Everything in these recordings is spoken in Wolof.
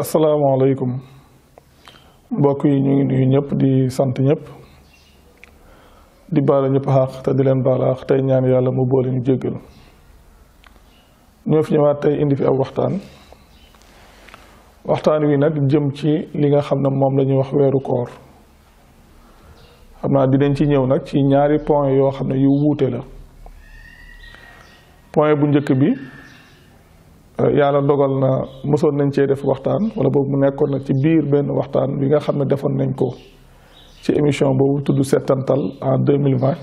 asalaamaaleykum mbokk yi ñu ngi nuyu ñëpp di sant ñëpp di bala ñëpp xaq te di leen baala xaq tey ñaan yàlla mu boole ñu jéggal ñoo fi ñëwaat tey indi fi aw waxtaan waxtaan wi nag jëm ci li nga xam ne moom la wax weeru koor xam naa dinañ ci ñëw nag ci ñaari point yoo xam ne yu wuute la point bu njëkk bi Euh, yàlla dogal na mosoon nañ cee def waxtaan wala boobu mu nekkoon nag ci biir benn waxtaan bi nga xam ne defoon nañ ko ci émission boobu tudd Settantal en 2020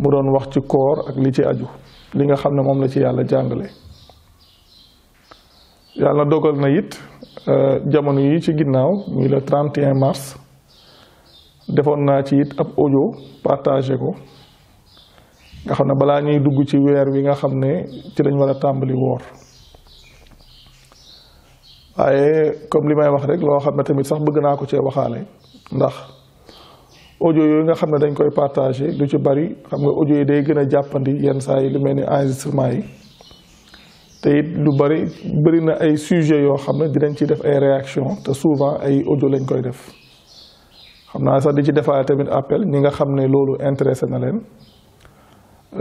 mu doon wax ci koor ak li ci aju li nga xam ne moom la ci yàlla jàngale yàlla dogal na it euh, jamono yi ci ginnaaw muy le 31 mars defoon naa ci it ab audio partagé ko nga xam ne balaa ñuy dugg ci weer wi nga xam ne ci lañ war a tàmbali woor waaye comme li may wax rek loo xam ne tamit sax bëgg naa ko cee waxaale ndax audio yooyu nga xam ne dañ koy partagé lu ci bari xam nga audio yi day gën a jàppandi yenn saa yi lu mel ni enregistrement yi te lu bari bëri na ay sujet yoo xam ne dinañ ci def ay réaction te souvent ay audio lañ koy def xam naa sax di ci defaale tamit appel ñi nga xam ne loolu intéressé na leen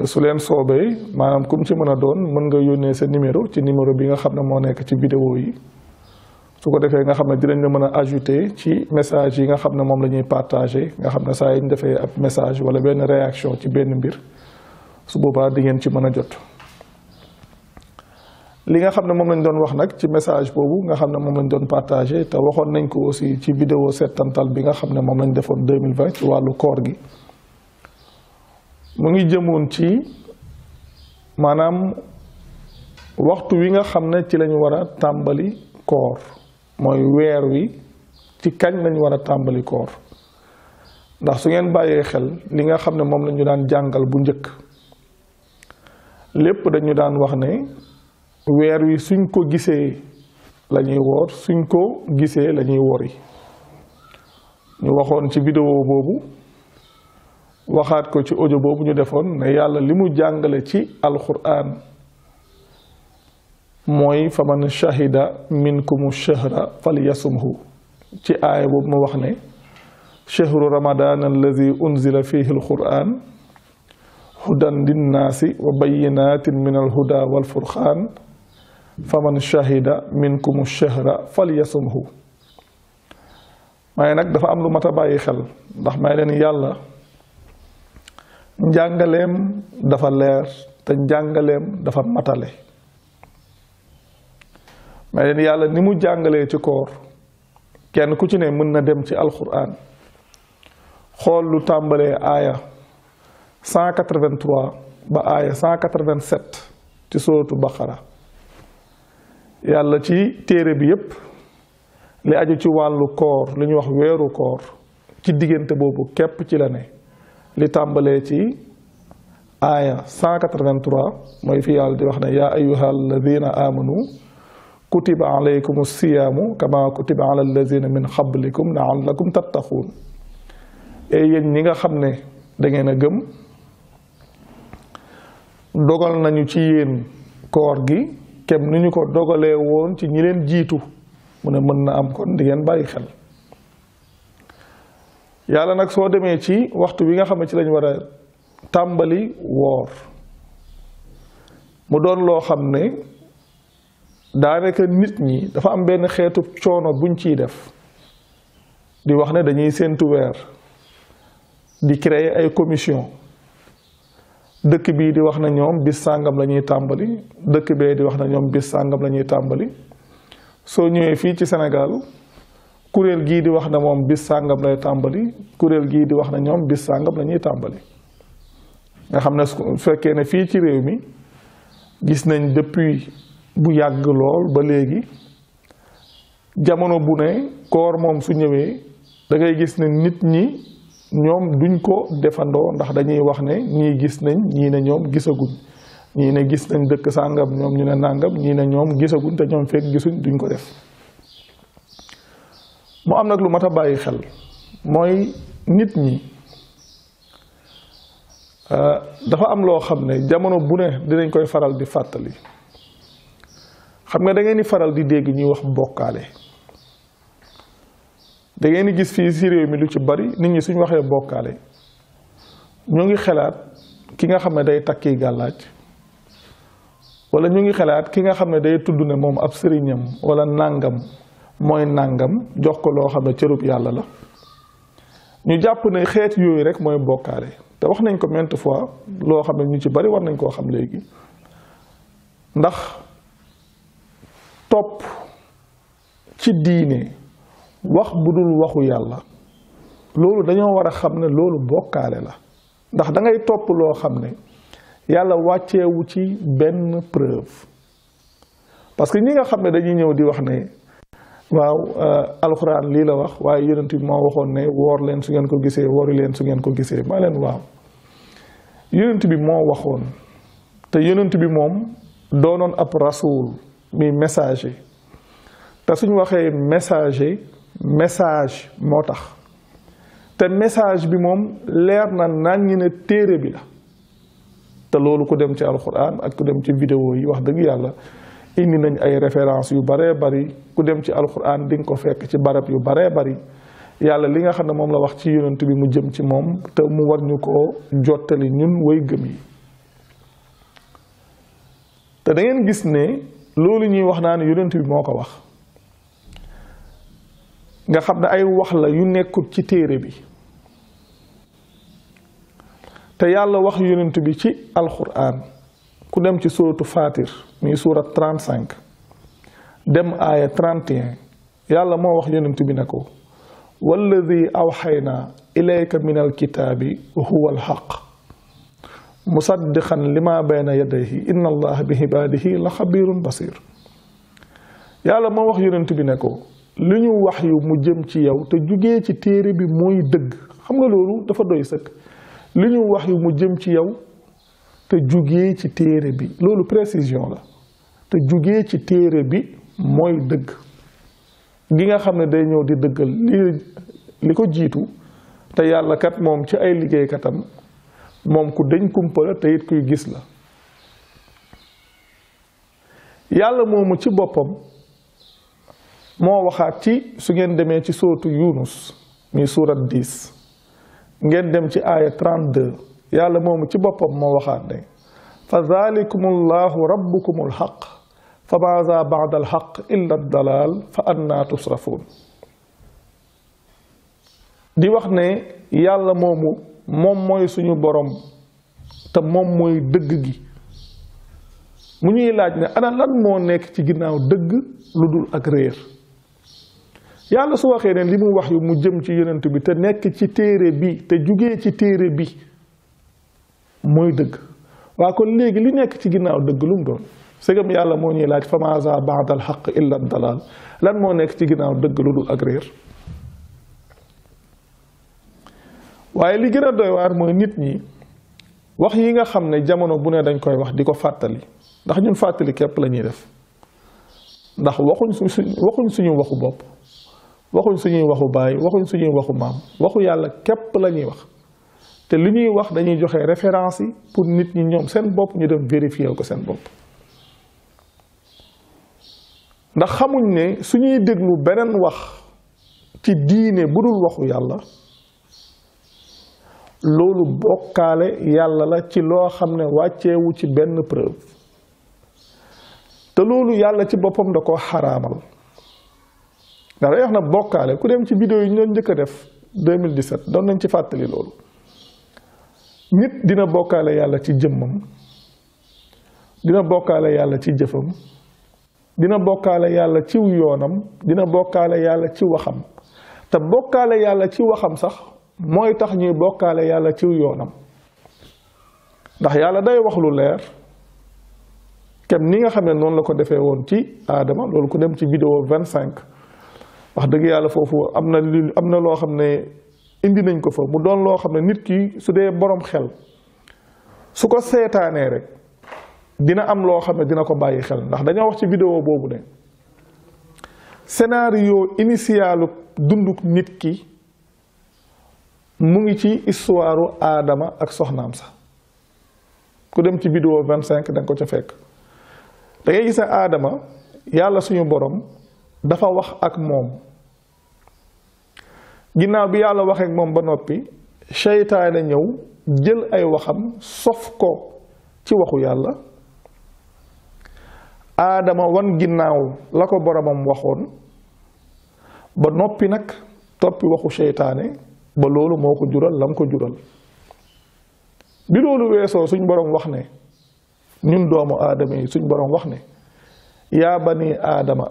su leen soobee maanaam comme ci mën a doon mën nga yónnee sa numéro ci numéro bi nga xam ne moo nekk ci vidéo yi su ko defee nga xam ne dinañ la mën a ajouter ci message yi nga xam ne moom la ñuy partagé nga xam ne saa yi ñu defee ab message wala benn réaction ci benn mbir su boobaa di ngeen ci mën a jot. li nga xam ne moom lañ doon wax nag ci message boobu nga xam ne moom lañ doon partagé te waxoon nañ ko aussi ci vidéo settantal bi nga xam ne moom lañ defoon 2020 ci wàllu koor gi. mu ngi jëmoon ci maanaam waxtu wi nga xam ne ci lañu war a tàmbali koor mooy weer wi ci kañ lañu war a tàmbali koor ndax su ngeen bàyyee xel li nga xam ne lañu daan jàngal bu njëkk lépp dañu daan wax ne weer wi suñ ko gisee lañuy woor suñ ko gisee lañuy wori ñu waxoon ci vidéo boobu waxaat ko ci audio boobu ñu defoon ne yàlla li jàngale ci alquran mooy faman shahida minkumu shahra falyasumhu ci aaya boobu mu wax ne shahru ramadan alladi unzila fihi alquran hudan nasi wa bayinatin min alhuda walfurqan faman shahida minkumu shahra falyasumhu waaye nag dafa am lu mat a xel ndax may leen yàlla njàngaleem dafa leer te njàngaleem dafa matale ma leen yàlla ni mu jàngalee ci koor kenn ku ci ne mën na dem ci alxuraan xool lu tàmbalee aaya 183 ba aaya 187 ci sóotu baqara yàlla ci téere bi yépp li aju ci wàllu koor li ñuy wax weeru koor ci diggante boobu képp ci la ne li tàmbalee ci aaya 183 mooy fi yàlla di wax ne yaa ayuha alladina amanu kutiba alaykum siyaamu kama kutiba ala alladina min xablikum laallakum tattaquun ey yéen ñi nga xam ne da ngeen a gëm dogal nañu ci yéen koor gi kem ni ñu ko dogalee woon ci ñi leen jiitu mu ne mën na am kon di ngeen bàyyi xel yàlla nag soo demee ci waxtu wi nga xam ne ci lañ war a tàmbali woor mu doon loo xam ne daanaka nit ñi dafa am benn xeetu coono buñ ciy def di wax ne dañuy séentu weer di créer ay commission dëkk bii di wax na ñoom bis sàngam la ñuy tàmbali dëkk bee di wax na ñoom bis sàngam la ñuy tàmbali soo ñëwee fii ci senegal kuréel gii di wax na moom bis sàngam lay tàmbali kuréel gii di wax ne ñoom bis sàngam la ñuy tàmbali nga xam ne su fekkee ne fii ci réew mi gis nañ depuis bu yàgg lool ba léegi jamono bu ne koor moom su ñëwee dangay gis ne nit ñi ñoom duñ ko defandoo ndax dañuy wax ne ñii gis nañ ñii ne ñoom gisaguñ ñii ne gis nañ dëkk sàngam ñoom ñu ne nàngam ñii ne ñoom gisaguñ te ñoom fekk gisuñ duñ ko def mu am nag lu mat a bàyyi xel mooy nit ñi euh, dafa am loo xam ne jamono bu ne dinañ koy faral di fàttali xam nga dangeen di faral di dégg ñuy wax bokkaale da ngeen di gis fii si réew mi lu ci bari nit ñi suñ waxee bokkaale ñu ngi xelaat ki nga xam ne day takki gàllaaj wala ñu ngi xelaat ki nga xam ne day tudd ne moom ab sëriñam wala nàngam mooy nàngam jox ko loo xam ne cërub yàlla la ñu jàpp ne xeet yooyu rek mooy bokkaale te wax nañ ko maintes fois loo xam ne ñu ci bari war nañ koo xam léegi ndax topp ci diine wax bu dul waxu yàlla loolu dañoo war a xam ne loolu bokkaale la ndax da ngay topp loo xam ne yàlla wàccewu ci benn preuve parce que ñi nga xam ne dañuy ñëw di wax ne waaw euh, alxuraan lii la wax waaye yonent bi moo waxoon ne woor leen su ngeen ko gisee woori leen su ngeen ko gisee ma leen waaw yonent bi moo waxoon te yonent bi moom doonoon ab rasuul muy messager te suñ waxee message message moo tax te message bi moom leer na nañ ne téere bi la te loolu ku dem ci alxuraan ak ku dem ci vidéo yi wax dëgg yàlla indi nañ ay référence yu baree bari ku dem ci alquran di nga ko fekk ci barab yu baree bari yàlla li nga xam ne moom la wax ci yonent bi mu jëm ci moom te mu war ñu ko jottali ñun way gëm yi te dangeen gis ne loolu ñuy wax naa ne yonent bi moo ko wax nga xam ne ay wax la yu nekkut ci téere bi te yàlla wax yonent bi ci alquran ku dem ci suuratu Fatir muy suurat 35 dem aaya 31 yàlla moo wax yonent bi ne ko walladi awxaynaa ilayka min alkitaabi huwa alxaq musaddiqan lima bayna yadayhi inna allaha bi ibaadihi la xabirun basir yàlla moo wax yonent bi ne ko li ñu wax yu mu jëm ci yow te jugee ci téere bi mooy dëgg xam nga loolu dafa doy sëkk li ñu wax yu mu jëm ci yow te jugee ci téere bi loolu précision la te jugee ci téere bi mooy dëgg gi nga xam ne day ñëw di dëggal li li ko jiitu te yàlla kat moom ci ay liggéeykatam moom ku deñ kumpa la te it kuy gis la yàlla moomu ci boppam moo waxaat ci su ngeen demee ci sootu yunus mi surat diis ngeen dem ci aaya 32 yàlla moomu ci boppam moo waxaat ne fa dalikum allahu rabbukum alxaq fa maza bada alxaq illa dalal fa anna tusrafuun di wax ne yàlla moomu moom mooy suñu borom te moom mooy dëgg gi mu ñuy laaj ne ana moo nekk ci ginnaaw dëgg lu dul ak réer yàlla su waxee ne li mu wax yu mu jëm ci yonent bi te nekk ci téere bi te jugee ci téere bi mooy dëgg waa kon léegi li nekk ci ginnaaw dëgg lu mu doon sëgam yàlla moo ñuy laaj famasa baadal xaq illa dalal lan moo nekk ci ginnaaw dëgg lu dul ak réer waaye li gën a doy waar mooy nit ñi wax yi nga xam ne jamono bu ne dañ koy wax di ko fàttali ndax ñun fàttali képp lañuy def ndax waxuñ suñ waxuñ suñu waxu bopp waxuñ suñuy waxu baay waxuñ suñuy waxu maam waxu yàlla képp lañuy wax te li ñuy wax dañuy joxe référence yi pour nit ñi ñoom seen bopp ñu dem vérifier ko seen bopp ndax xamuñ ne suñuy déglu beneen wax ci diine bu dul waxu yàlla loolu bokkaale yàlla la ci loo xam ne wàcceewu ci benn preuve te loolu yàlla ci boppam da ko xaraamal ndax day wax na bokkaale ku dem ci vidéo yi ñu doon njëkk a def 2017 doon nañ ci fàttali loolu nit dina bokkaale yàlla ci jëmmam dina bokkaale yàlla ci jëfam dina bokkaale yàlla ci yoonam dina bokkaale yàlla ci waxam te bokkaale yàlla ci waxam sax mooy tax ñuy bokkaale yàlla ci yoonam ndax yàlla day wax lu leer kem ni nga xam ne noonu la ko defee woon ci aadama loolu ku dem ci vidéo vingt cinq wax dëgg yàlla foofu am na loo xam ne indi nañ ko fa mu doon loo xam ne nit ki su dee boroom xel su ko seetaanee rek dina am loo xam ne dina ko bàyyi xel ndax dañoo wax ci vidéo boobu ne scénario initialu dunduk nit ki mu ngi ci histoire aadama ak soxnaam sax ku dem ci vidéo vingt cinq da ko ca fekk da ngay aadama yàlla suñu boroom dafa wax ak moom ginnaaw bi yàlla waxeek moom ba noppi seytaane ñëw jël ay waxam sof ko ci waxu yàlla aadama wan ginnaaw la ko boromam waxoon ba noppi nag toppi waxu seytaane ba loolu moo ko jural lam ko jural bi loolu weesoo suñ borom wax ne ñun doomu aadama yi suñ borom wax ne yaa bani aadama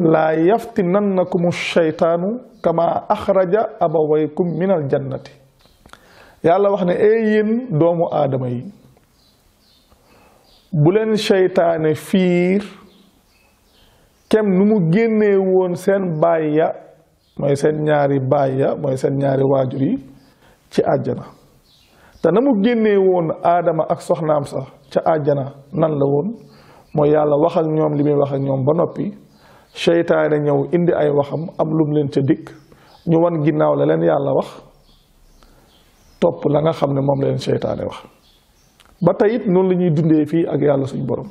laa yaftinannakum sheytaanu kama axraja abawaykum min al jannati yàlla wax ne ee yéen doomu aadama yi bu leen seytaane fiir kem nu mu génnee woon seen baay ya mooy seen ñaari baay ya mooy seen ñaari waajur yi ci àjjana te na mu génnee woon aadama ak soxnaam sax ca àjjana nan la woon mooy yàlla wax ñoom li muy wax ñoom ba noppi seytaane ñëw indi ay waxam am lum leen ca dikk ñu wan ginnaaw la leen yàlla wax topp la nga xam ne moom la seytaane wax ba tey it noonu la fii ak yàlla suñu borom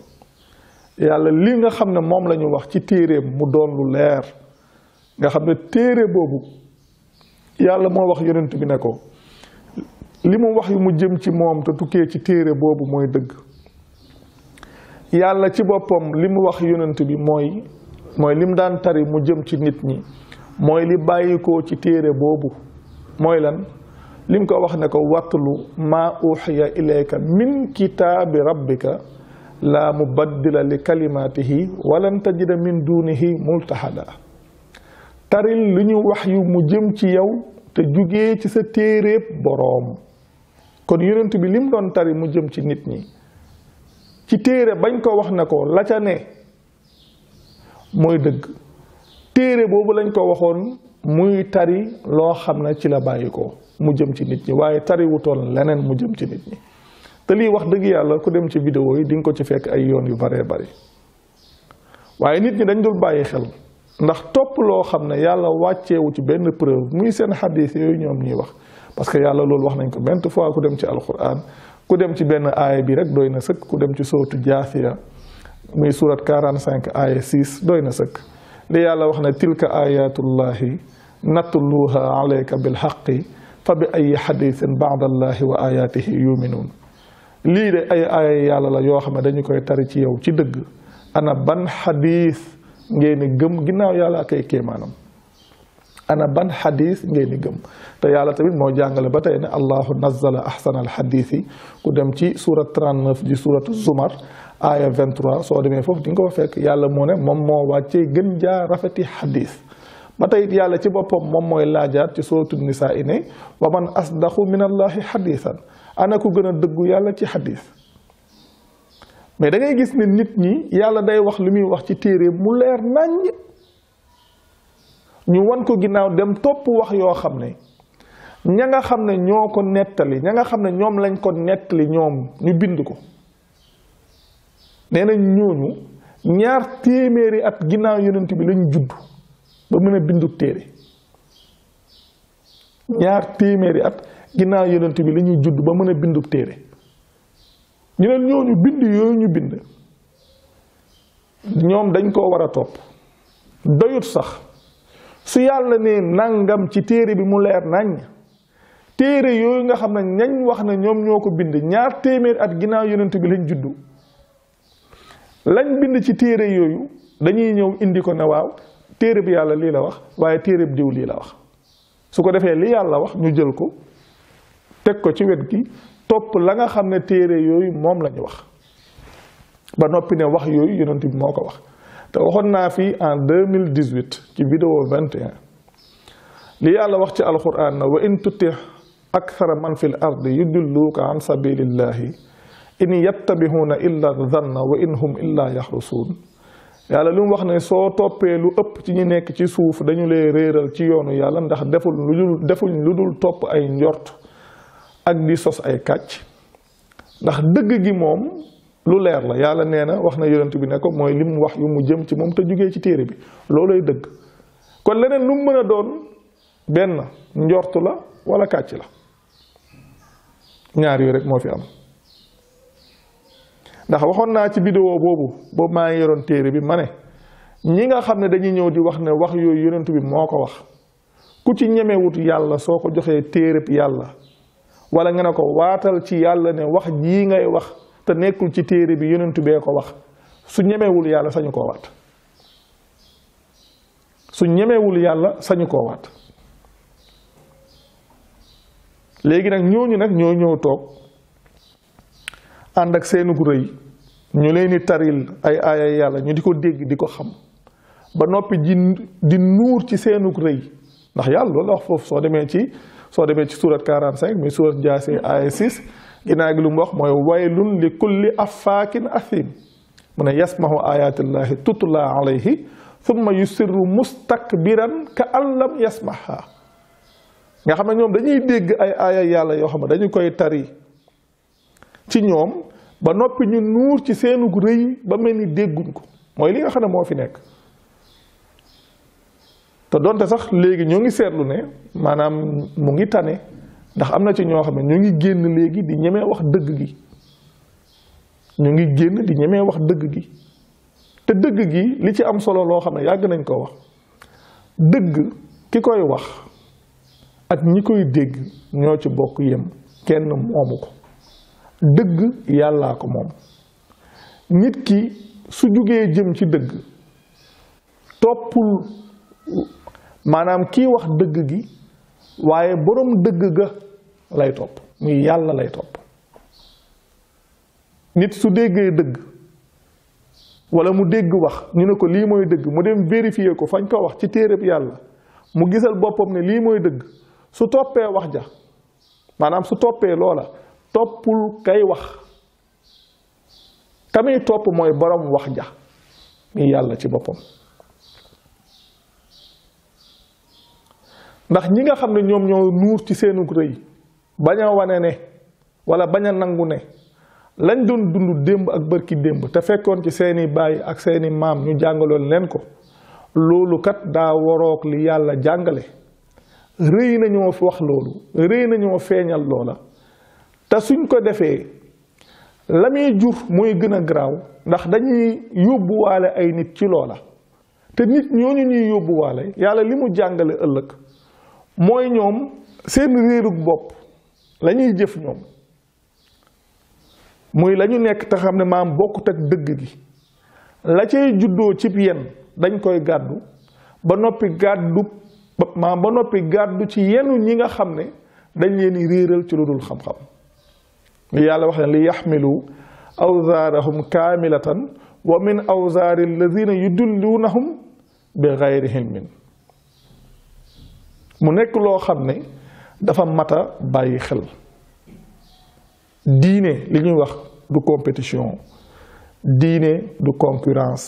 yàlla li nga xam ne moom la wax ci téereem mu doon lu leer nga xam ne téere boobu yàlla moo wax yonent bi ne ko li mu wax yu mu jëm ci moom te tukkee ci téere boobu mooy dëgg yàlla ci boppam li mu wax yonent bi mooy mooy lim daan tari mu jëm ci nit ñi mooy li bàyyikoo ci téere boobu mooy lan lim ko wax ne ko watlu ma uxiya ilayka min kitaabi rabbika la mubaddila li kalimatihi walan tajida min duunihi multahada taril li ñu wax yu mu jëm ci yow te jugee ci sa téeréeb boroom kon yonent bi lim doon tari mu jëm ci nit ñi ci téere bañ ko wax ne ko la ca ne mooy dëgg téere boobu lañ ko waxoon muy tari loo xam ne ci la bàyyi ko mu jëm ci nit ñi waaye tari wutoon leneen mu jëm ci nit ñi te lii wax dëgg yàlla ku dem ci vidéo yi di nga ko ci fekk ay yoon yu baree bari waaye nit ñi dañ dul bàyyi xel ndax topp loo xam ne yàlla wàcceewu ci benn preuve muy seen xadis yooyu ñoom ñuy wax parce que yàlla loolu wax nañ ko benn fois ku dem ci alquran ku dem ci benn aaya bi rek doy na sëkk ku dem ci sootu jaasiya muy surat 45 aaya 6 doy na sëkk li yàlla wax ne tilka ayatullahi natluha alayka bil xaqi fa bi ay xadisin baadallahi wa ayatihi yuminuun lii de ay aaya yàlla la yoo xam ne dañu koy tari ci yow ci dëgg ana ban xadis ngeen gëm ginnaaw yàlla ak ay kéemaanam ana ban xadis ngeen gëm te yàlla tamit moo jàngale ba tey ne allahu nazala ahsana al xadisi ku dem ci surat 39 di suratu zumar Aya 23 so demé fofu di nga fekk yalla mo ne mom mo wàccee gën ja rafeti hadith batay yalla ci bopom mom moy lajjar ci suratul nisaa i ne wa man asdaqu min allahi ana ku gëna a yalla ci hadith mais da ngay gis ne nit ñi yalla day wax limi wax ci téré mu leer nañ ñu wan ko ginaaw dem top wax yo xamné ne ña nga xam ne ñoo ko ña nga ne lañ ko netali ñom ñu bind ko nee nañ ñooñu ñaar téeméeri at ginnaaw yonent bi lañ judd ba mën a bindu téere ñaar téeméeri at ginnaaw yonent bi la ñuy judd ba mën bindu téere ñu ñooñu bind yooyu ñu bind ñoom dañ koo war a topp doyut sax su yàlla ne nangam ci téere bi mu leer nañ téere yooyu nga xam ne ñañ wax ne ñoom ñoo ko bind ñaar téeméeri at ginnaaw yonent bi lañ juddu lañ bind ci téere yooyu dañuy ñëw indi ko ne waaw téere bi yàlla lii la wax waaye téere bi diw lii la wax su ko defee li yàlla wax ñu jël ko teg ko ci wet gi topp la nga xam ne téere yooyu moom la wax ba noppi ne wax yooyu yonent bi moo ko wax te waxoon naa fi en 2018 ci vidéo 21 li yàlla wax ci alquran na wa in tuti akthara man fil ardi yudilluuka an sabilillahi in yattabihuuna illa zanna wa in hum illa yaxrusuun yàlla lu mu wax ne soo toppee lu ëpp ci ñu nekk ci suuf dañu lay réeral ci yoonu yàlla ndax deful lu dul defuñ lu dul topp ay njort ak di sos ay kàcc ndax dëgg gi moom lu leer la yàlla nee na wax na yonent bi ne ko mooy lim wax yu mu jëm ci moom te jugee ci téere bi loolay dëgg kon leneen lu mu mën a doon benn njort la wala kàcc la ñaar yooyu rek moo fi am ndax waxoon naa ci vidéo boobu boobu maa ngi yoroon téere bi ma ne ñi nga xam ne dañuy ñëw di wax ne wax yooyu yonent bi moo ko wax ku ci ñemewut yàlla soo ko joxee téereb yàlla wala nga ne ko waatal ci yàlla ne wax jii ngay wax te nekkul ci téere bi yonent bee ko wax su ñemewul yàlla sañu koo waat su ñemewul yàlla sañu koo waat léegi nag ñooñu nag ñoo ñëw toog ànd ak seenu rëy ñu leen di taril ay aaya yàlla ñu di ko dégg di ko xam ba noppi ji di nuur ci seenu rëy ndax yàlla loolu wax foofu soo demee ci soo demee ci surat 45 muy surat Jaasiya aaya 6 ginnaaw gi lu mu wax mooy waylun li kulli affaakin athim mu ne yasmahu ayatillahi tutla alayhi thumma yusirru mustakbiran ka an lam yasmaha nga xam ne ñoom dañuy dégg ay aaya yàlla yoo xam ne dañu koy tari ci ñoom ba noppi ñu nuur ci seenu rëy ba mel ni dégguñ ko mooy li nga xam ne moo fi nekk te donte sax léegi ñoo ngi seetlu ne maanaam mu ngi tane ndax am na ci ñoo xam ne ñu ngi génn léegi di ñemee wax dëgg gi ñu ngi génn di ñemee wax dëgg gi te dëgg gi li ci am solo loo xam ne yàgg nañ koo wax dëgg ki koy wax ak ñi koy dégg ñoo ci bokk yem kenn moomu ko dëgg yàllaa ko moom nit ki su jugee jëm ci dëgg toppul maanaam kiy wax dëgg gi waaye boroom dëgg ga lay topp muy yàlla lay topp nit su déggee dëgg wala mu dégg wax ñu ne ko lii mooy dëgg mu dem vérifier ko fañ ko wax ci téereb yàlla mu gisal boppam ne lii mooy dëgg su toppee wax ja maanaam su toppee loola Topul kay wax kami top moy borom wax ja mi yalla ci bopam ndax ñi nga xamne ñom ñoo nuur ci seenu reuy baña wané né ne wala baña a nangu ne lañ doon dund demb ak barki demb ta fekkon ci seeni bay ak seeni mam ñu jangalon len ko lolu kat da worok li yàlla jàngale rëy nañoo wax lolu rëy nañoo feñal lolu te suñ ko defee la muy jur mooy gën a garaaw ndax dañuy yóbbuwaale ay nit ci loola te nit ñooñu ñuy yóbbuwaale yàlla li mu jàngale ëllëg mooy ñoom seen réerug bopp lañuy ñuy jëf ñoom muy la ñu nekk te xam ne maam bokkut ak dëgg gi la cay juddoo cib yenn dañ koy gàddu ba noppi gàddu maam ba noppi gàddu ci yenu ñi nga xam ne dañ leen réeral ci lu dul xam-xam li yàlla wax ne li yaxmilu awzaarahum kaamilatan wa min awzaari alladina yudilluunahum bi gayri hilmin mu nekk loo xam ne dafa mata bàyyi xel diine li ñuy wax du compétition diine du concurrence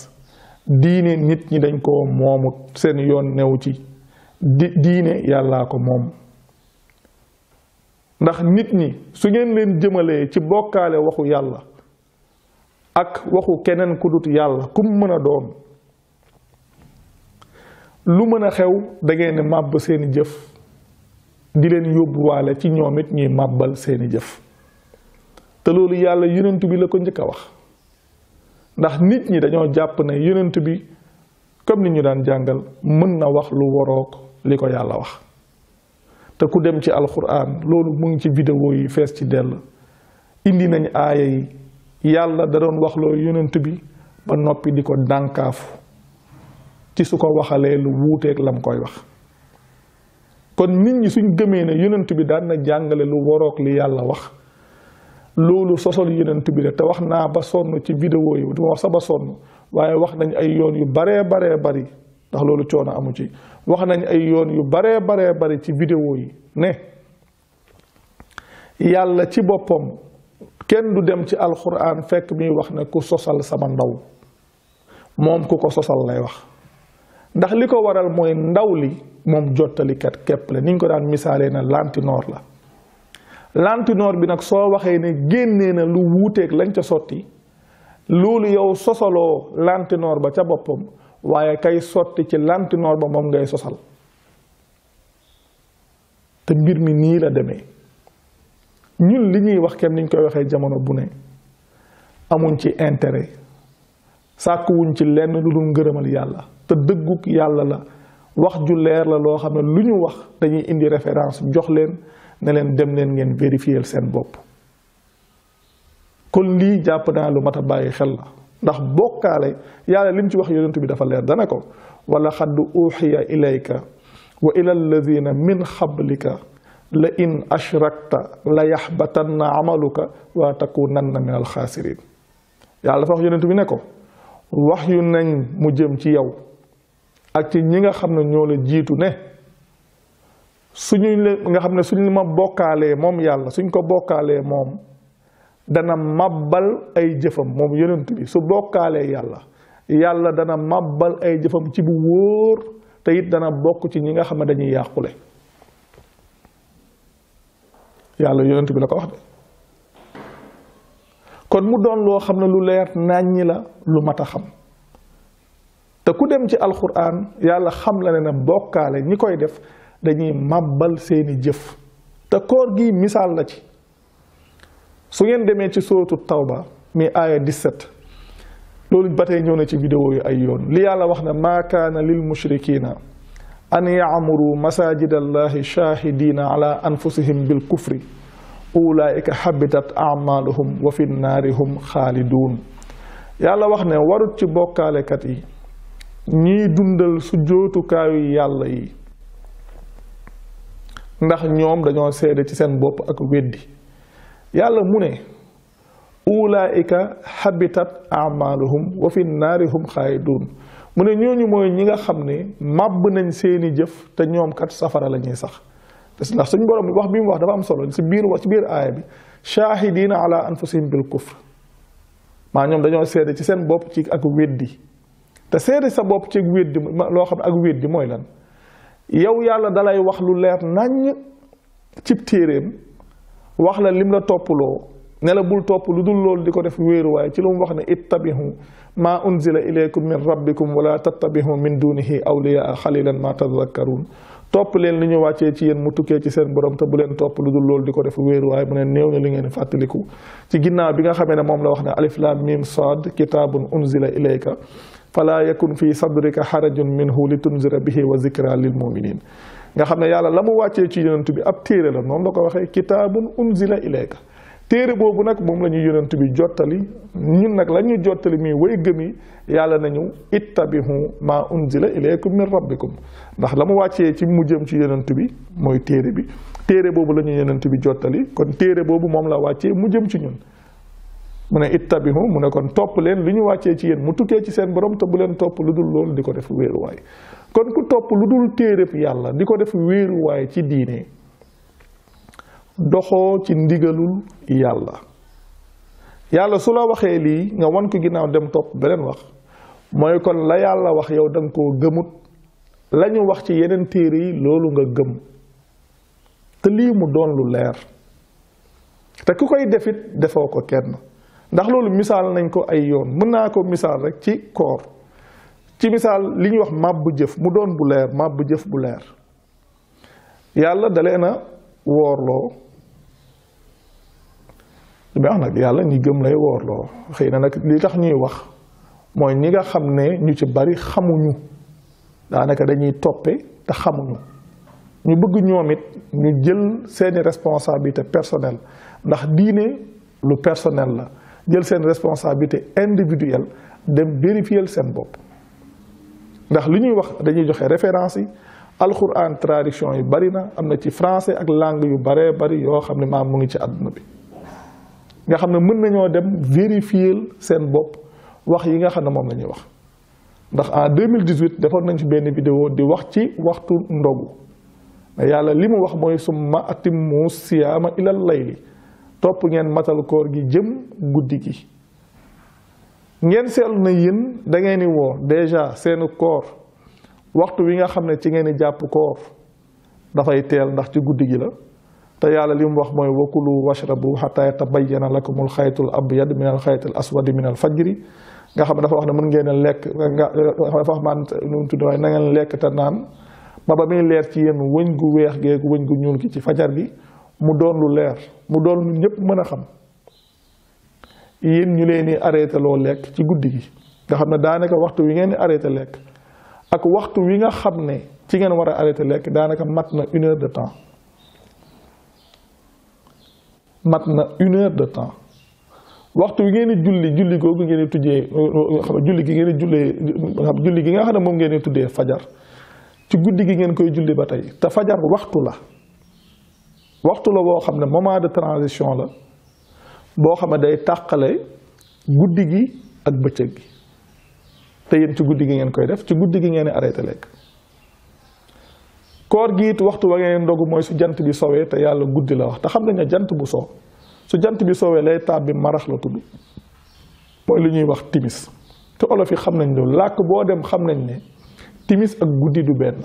diine nit ñi dañ ko moomut seen yoon new ci di diine yàllaa ko moom ndax nit ñi su ngeen leen jëmalee ci bokkaale waxu yàlla ak waxu keneen ku dut yàlla kum mën a doom lu mën a xew dangeen ngeen màbb seeni jëf di leen yóbbuwaale ci ñoom it ñuy màbbal seeni jëf te loolu yàlla yonent bi la ko njëkk a wax ndax nit ñi dañoo jàpp ne yonent bi comme li ñu daan jàngal mën na wax lu worook li ko yàlla wax te ku dem ci alxuraan loolu mu ngi ci vidéo yi fees ci dell indi nañu aaya yi yàlla da doon waxloo yonent bi ba noppi di ko dànkaafu ci su ko waxalee lu wuuteeg lam koy wax kon nit ñi suñ gëmee ne yonent bi daan na jàngale lu waroog li yàlla wax loolu sosol yonent bi la te wax naa ba sonn ci vidéo yi duma wax sa ba sonn waaye wax nañu ay yoon yu baree baree bari ndax loolu coono amu ci wax nañ ay yoon yu baree baree bari ci vidéo yi ne yàlla ci boppam kenn du dem ci alxuraan fekk muy wax na ku sosal sama ndaw moom ku ko sosal lay wax ndax li ko waral mooy ndaw li moom jottalikat képp la ni ñu ko daan misaalee na lantinoor la lantinoor bi nag soo waxee ne génne na lu wuuteeg lañ ca sotti loolu yow sosaloo lantinoor ba ca boppam waaye kay sotti ci lantinoor ba moom ngay sosal te mbir mi nii la demee ñun li ñuy wax kenn niñ koy waxee jamono bu ne amuñ ci intérêt wuñ ci lenn lu dul ngërëmal yàlla te dëgguk yàlla la wax ju leer la loo xam ne lu ñu wax dañuy indi référence jox leen ne leen dem leen ngeen vérifier seen bopp kon lii jàpp naa lu mat a bàyyi xel la ndax bokkaale yàlla lim ci wax yonent bi dafa leer dana ko wala xad uxiya ilayka wa ila alladina la in ashrakta la yaxbatanna amaluka wa takunanna min alxaasirin yàlla dafa wax yonent bi ne ko wax yu nañ mu jëm ci yow ak ci ñi nga xam ne ñoo la jiitu ne suñu la nga xam ne suñ ma bokkaalee moom yàlla suñ ko bokkaalee moom dana màbbal ay jëfam moom yonent bi su bokkaalee yàlla yàlla dana màbbal ay jëfam ci bu wóor te dana bokk ci ñi nga xam ne dañuy yàqule yàlla yonent bi la ko wax de kon mu doon loo xam ne lu leer nàññi la lu mat a xam te ku dem ci alxuraan yàlla xam la ne na bokkaale ñi koy def dañuy màbbal seeni jëf te koor gi misaal la ci su ngeen demee ci sóotu tawba mi aaya 17 loolu ba tey ñëw na ci vidéo yi ay yoon li yàlla wax na maa kaana lil mushrikina an yaamuru masajida allahi shahidina ala anfusihim bil kufri ulaika habitat amaluhum wa fi naari hum xaaliduun yàlla wax na warut ci bokkaalekat yi ñiy dundal su yàlla yi ndax ñoom dañoo seede ci seen bopp ak weddi yàlla mu ne ulaika habitat amaluhum wa fi naari hum xaalidun mu ne ñooñu mooy ñi nga xam ne màbb nañ seeni jëf te ñoom kat safara la ñuy sax ndax suñ borom bi wax bi mu wax dafa am solo ci biir wax ci biir aaya bi shahidina ala anfusihim bil kufr maa ñoom dañoo seede ci seen bopp ci ak weddi te seede sa bopp ci weddi loo xam ne ak weddi mooy lan yow yàlla dalay wax lu leer naññ cib téeréem wax la lim la toppaloo ne la topp lu dul lool di ko def wéeruwaay ci lu mu wax ne ittabihu maa unzila ilaykum min rabbikum wala tattabihu min dunihi awliyaa xalilan ma tadakkaruun topp leen li ñu wàccee ci yéen mu tukkee ci seen borom te bu leen topp lu dul loolu di ko def wéeruwaay mu ne néew na li ngeen fàttaliku ci ginnaaw bi nga xamee ne moom la wax ne alif lam mim sad kitaabun unzila ilayka falaa yakun fi sadrika xarajun minhu li tunzira bihi wa zikra lil muminin nga xam ne yàlla la mu wàccee ci yonent bi ab téere la noonu la ko waxee kitaabun unzila ilayka téere boobu nag moom la ñu yonent bi jottali ñun nag la ñu jottali mii way gëmi yàlla nañu ittabihu ma unzila ilaykum min rabbikum ndax la mu wàccee ci mu jëm ci yonent bi mooy téere bi téere boobu lañu ñu bi jottali kon téere boobu moom la wàccee mu jëm ci ñun mu ne ittabihu mu ne kon topp leen li ñu wàccee ci yéen mu tukkee ci seen borom te bu leen topp lu dul loolu di ko def wéeruwaay kon ku topp lu dul téereb yàlla di ko def wéeruwaay ci diine doxoo ci ndigalul yàlla yàlla su la waxee lii nga wan ko ginnaaw dem topp beneen wax mooy kon la yàlla wax yow da nga koo gëmut la wax ci yeneen téere yi loolu nga gëm te lii mu doon lu leer te ku koy defit defoo ko kenn ndax loolu misaal nañ ko ay yoon mën naa ko misaal rek ci koor ci misaal liñ wax mabbu jëf mu doon bu leer mabbu jëf bu leer yàlla dalee na woorloo li may wax nag yàlla ñi gëm lay woorloo xëy na nag li tax ñuy wax mooy ñi nga xam ne ñu ci bari xamuñu daanaka dañuy toppe te xamuñu ñu bëgg ñoom it ñu jël seeni responsabilité personnelle ndax diine lu personnel la jël seen responsabilité individuelle dem vérifier seen bopp ndax li ñuy wax dañuy joxe référence yi alxuraan tradition yu bari na am na ci français ak langue yu baree bari yoo xam ne maam mu ngi ci àdduna bi nga xam ne mën nañoo dem vérifier seen bopp wax yi nga xam ne moom lañuy wax ndax en 2018 defoon nañ ci benn vidéo di wax ci waxtu ndogu yàlla li mu wax mooy su summa atimmu ma ilal layli topp ngeen matal koor gi jëm guddi gi ngeen seetlu na yeen da ngay waktu wo dèjà senu koor waxtu wi nga xamne ci ngeen ni japp koor dafay tel ndax ci guddigi la ta yalla lim wax moy wakulu washrabu hatta yatabayyana lakumul khaytul abyad min al xaytil aswad min al fajri nga xam ne dafa wax ne mën ngeen lek nga dafa wax man nu tuddo na ngeen lek ta naan ba ba mi leer ci yeen wëñ gu weex geeg wëñ gu ñuul gi ci fajar bi mu doon lu leer mu doon ñepp mëna xam yéen ñu leen di arrêté loo lekk ci guddi gi nga xam ne daanaka waxtu wi ngeen di arrêté lekk ak waxtu wi nga xam ne ci ngeen war a arrêté lekk daanaka mat na une de temps mat na une heure de temps waxtu wi ngeen di julli julli googu ngeen di tujjee xam julli gi ngeen di jullee julli gi nga xam ne moom ngeen tuddee fajar ci guddi gi ngeen koy julli ba tey te fajar waxtu la waxtu la boo xam ne moment de transition la. boo xam ne day tàqale guddi gi ak bëccëg gi te yéen ci guddi gi ngeen koy def ci guddi gi ngeen arrêté lekk koor gi it waxtu wa ngeen ndogu mooy su jant bi sowee te yàlla guddi la wax te xam nañ ne jant bu soo su jant bi soowee lay taab bi marax la tudd mooy lu ñuy wax timis te olof yi xam nañ loolu làkk boo dem xam nañ ne timis ak guddi du benn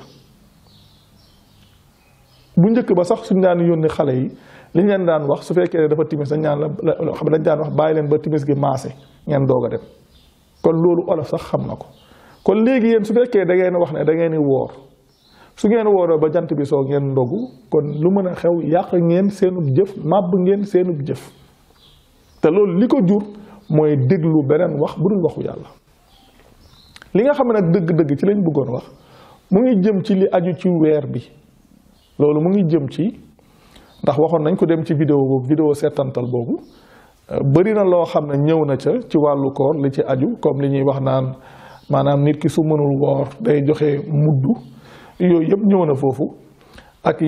bu njëkk ba sax suñ daan yónni xale yi li ngeen daan wax su fekkee dafa timis dañ ñaan la xam dañ daan wax bàyyi leen ba timis gi maase ngeen doog a dem kon loolu olof sax xam na ko kon léegi yéen su fekkee da ngeen wax ne da ngeen woor su ngeen wooroo ba jant bi soo ngeen ndogu kon lu mën a xew yàq ngeen seenub jëf màbb ngeen seenub jëf te loolu li ko jur mooy déglu beneen wax bu dul waxu yàlla li nga xam ne nag dëgg-dëgg ci lañ bëggoon wax mu ngi jëm ci li aju ci weer bi loolu mu ngi jëm ci ndax waxon nañ ko dem ci vidéo boobu vidéo sétantal bobu bari na lo xam ñew na ca ci walu koor li ci aju comme li ñuy wax naan manam nit ki su mënul wor day joxe muddu yoy yëpp ñew na fofu ak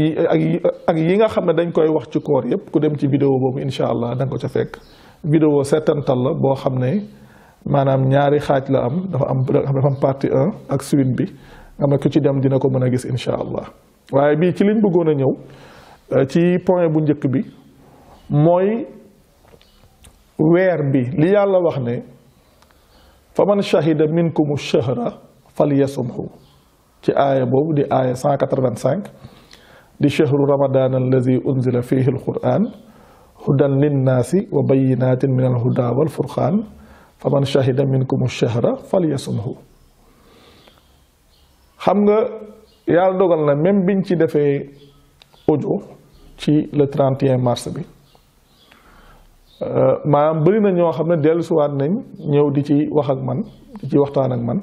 ak yi nga xam dañ koy wax ci koor yëpp ku dem ci vidéo bobu inshallah dang ko ca fekk vidéo sétantal la bo xam manam ñaari xaj la am dafa am dafa am partie 1 ak suite bi nga ma ku ci dem dina ko mëna gis inshallah waye bi ci liñ bëggona ñew ci point bu ñëkk bi mooy weer bi li yàlla wax ne fa man shahida minkumu shahra falyasumhu ci aaya boobu di aaya 185 di shahru ramadan alladhi unzila fihi alquran hudan linnaasi wa bayyinatin min alhuda walfurqan fa man shahida minkum ash shahra falyasumhu xam nga yàlla dogal na même biñ ci defé audio ci le 31 mars bi euh, maanaam bari na ño xamne delu su wat nañ ñew di ci wax ak man di ci waxtaan ak man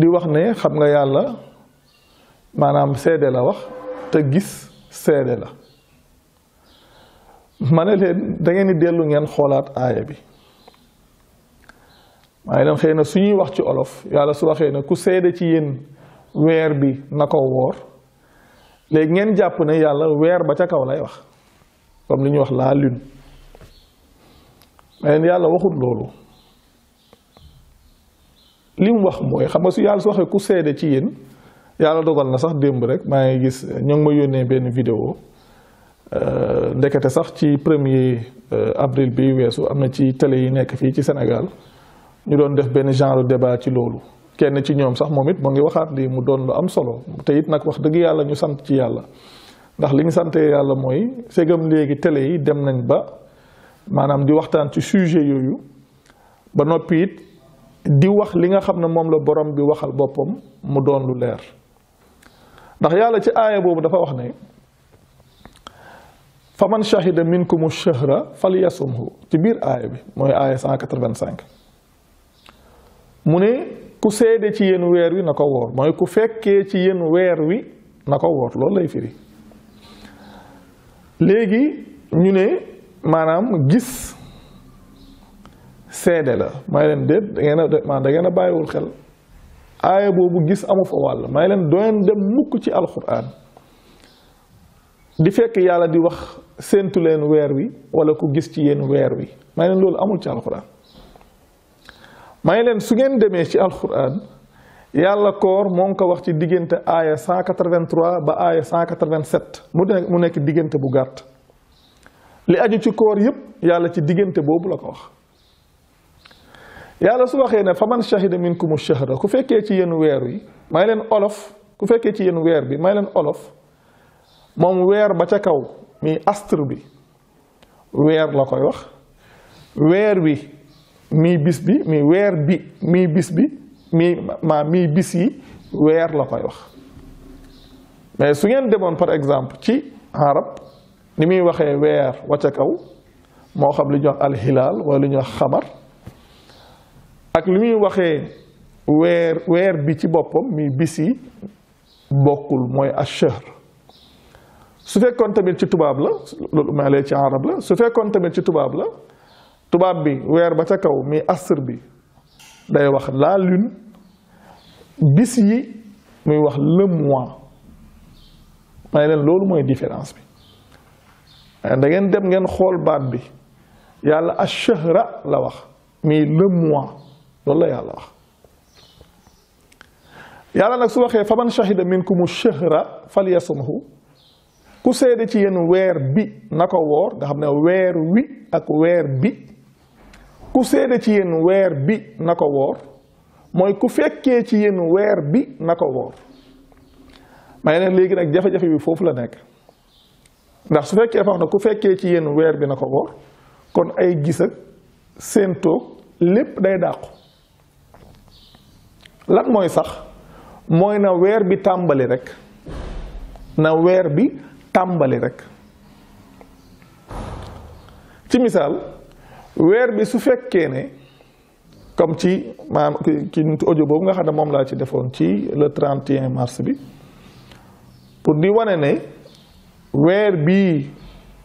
di wax ne xam nga yalla manam seede la wax te gis seede la ma ne da ngeen ni delu ngeen xolaat aaya bi may ngi xeyna suñuy wax ci olof yalla su waxe ne ku seede ci yeen weer bi nako wor léegi ngeen jàpp ne yàlla weer ba ca kaw lay wax comme lu ñuy wax la lune mais yàlla waxut loolu li wax mooy xam nga su yàlla su waxee ku seede ci yéen yàlla dogal na sax démb rek maa ngi gis ñoo ma yónnee benn vidéo euh, ndekete sax ci premier euh, avril bi weesu am na ci télé yi nekk fii ci Sénégal ñu doon def benn genre débat ci loolu kenn ci ñoom sax momit mo ngi waxat li mu doon lu am solo te it nak wax deug yalla ñu sant ci yalla ndax li ñu santee segam télé yi dem nañ ba manam di waxtaan ci sujet yoyu ba nopi it di wax li nga xamne mom la borom bi waxal bopam mu doon lu leer ndax yalla ci aya bobu dafa wax ne faman shahida minkum shahra falyasumhu ci bir aya bi moy aya 185 mune ku seede ci yéen weer wi na ko woor mooy ku fekkee ci yéen weer wi na ko woor lool lay firi léegi ñu ne maanaam gis seede la may leen déet da ngeen a bàyyiwul xel aaya boobu gis amu fa wàll may leen doyen dem mukk ci alxuraan di fekk yàlla di wax séentu leen weer wi wala ku gis ci yéen weer wi may leen loolu amul ci alxuraan may leen su ngeen demee ci alquran yàlla koor moo ngi ko wax ci diggante aaya 183 ba aaya 187 mu nekk mu nekk diggante bu gàtt li aju ci koor yépp yàlla ci diggante boobu la ko wax yàlla su waxee ne fa man shahida minkumu shahra ku fekkee ci yenn weer wi may leen olof ku fekkee ci yenn weer bi may leen olof moom weer ba ca kaw mi astre bi weer la koy wax weer wi mii bis bi mii weer bi mii bis bi mii maa mii bis yi weer la koy wax mais su ngeen demoon par exemple ci arab ni muy waxee weer kaw moo xam li ñuy wax alxilaal li ñuy wax xamar ak li muy waxee weer weer bi ci boppam mii bis yi bokkul mooy ash-shahr su fekkoon tamit ci tubaab la loolu maa lee ci arab la su fekkoon tamit ci tubaab la tubaab bi weer ba ca kaw mii astre bi day wax la lune bis yi muy wax le mois may leen loolu mooy différence bi eh, da ngeen dem ngeen xool baat bi yàlla a shahra la wax mais le mois loolu la yàlla wax yàlla nag su waxee faman shahida minkumu shahra falyasumhu ku seede ci yéen weer bi na ko woor nga ne weer wi ak weer bi ku seede ci yéen weer bi na ko woor mooy ku fekkee ci yéen weer bi na ko woor may leen léegi nag jafe-jafe bi foofu la nekk ndax su fekkee dafa wax ku fekkee ci yéen weer bi na ko woor kon ay gis ak seen lépp day dàqu lan mooy sax mooy na weer bi tàmbali rekk na weer bi tàmbali rekk ci misaal weer bi su fekkee ne comme ci maam ki nit audio boobu nga xam ne moom laa ci defoon ci le 31 mars bi pour di wane ne weer bi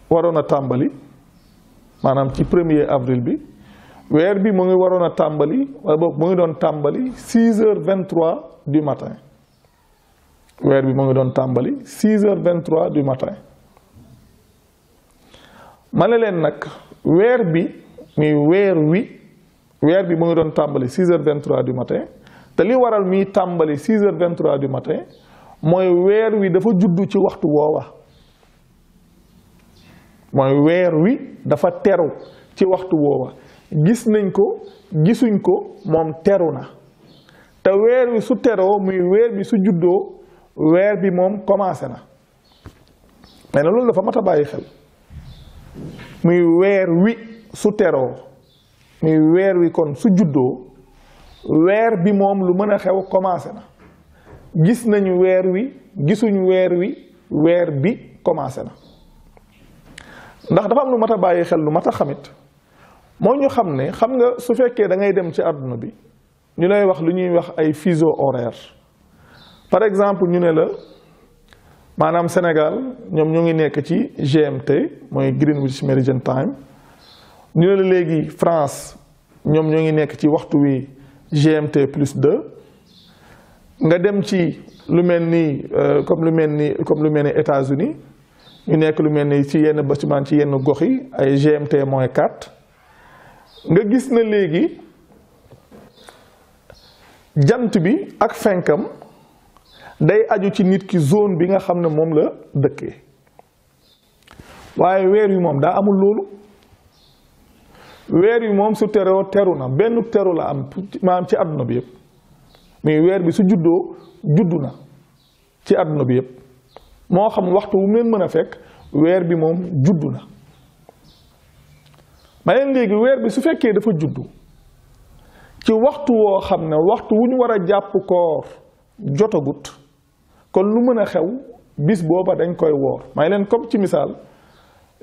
waroon a tàmbali maanaam ci premier avril bi weer bi mu ngi waroon a tàmbali wala boog mu ngi doon tàmbali 6 heures 23 du matin weer bi mu ngi doon tàmbali 6 heures 23 du matin ma leen nag weer bi. muy weer wi weer bi mu ngi doon tàmbali 6 heures 23 du matin te li waral muy tàmbali 6 heures 23 du matin mooy weer wi dafa juddu ci waxtu woowa mooy weer wi dafa teru ci waxtu woowa gis nañ ko gisuñ ko moom teru na te weer wi su teroo muy weer bi su juddoo weer bi moom commencé na mais na loolu dafa mat a bàyyi xel muy weer wi su teroo muy weer wi kon su juddoo weer bi moom lu mën a xew commencé na gis nañu weer wi gisuñu weer wi weer bi commencé na ndax dafa am lu mat a bàyyi xel lu mat a xamit moo ñu xam ne xam nga su fekkee da ngay dem ci àdduna bi ñu lay wax lu ñuy wax ay fuseau horaire par exemple ñu ne la maanaam Sénégal ñoom ñu ngi nekk ci GMT mooy Greenwich Meridian Time ñu ne la léegi France ñoom ñoo ngi nekk ci waxtu wi GMT plus 2 nga dem ci lu mel ni euh, comme lu mel ni comme lu mel ni États-Unis ñu nekk lu mel ni ci yenn bâtiment ci yenn gox yi ay GMT moins 4 nga gis na léegi jant bi ak fenkam day aju ci nit ki zone bi nga xam ne moom la dëkkee waaye weer wi moom daa amul loolu. weer wi moom su teroo teru na benn teru la am maanaam ci àdduna bi yëpp mais weer bi su juddoo juddu na ci àdduna bi yëpp moo xam waxtu wu mu leen mën a fekk weer bi moom juddu na ma leen léegi weer bi su fekkee dafa juddu ci waxtu woo xam ne waxtu wu ñu war a jàpp koor jotagut kon lu mën a xew bis booba dañ koy woor may leen comme ci misaal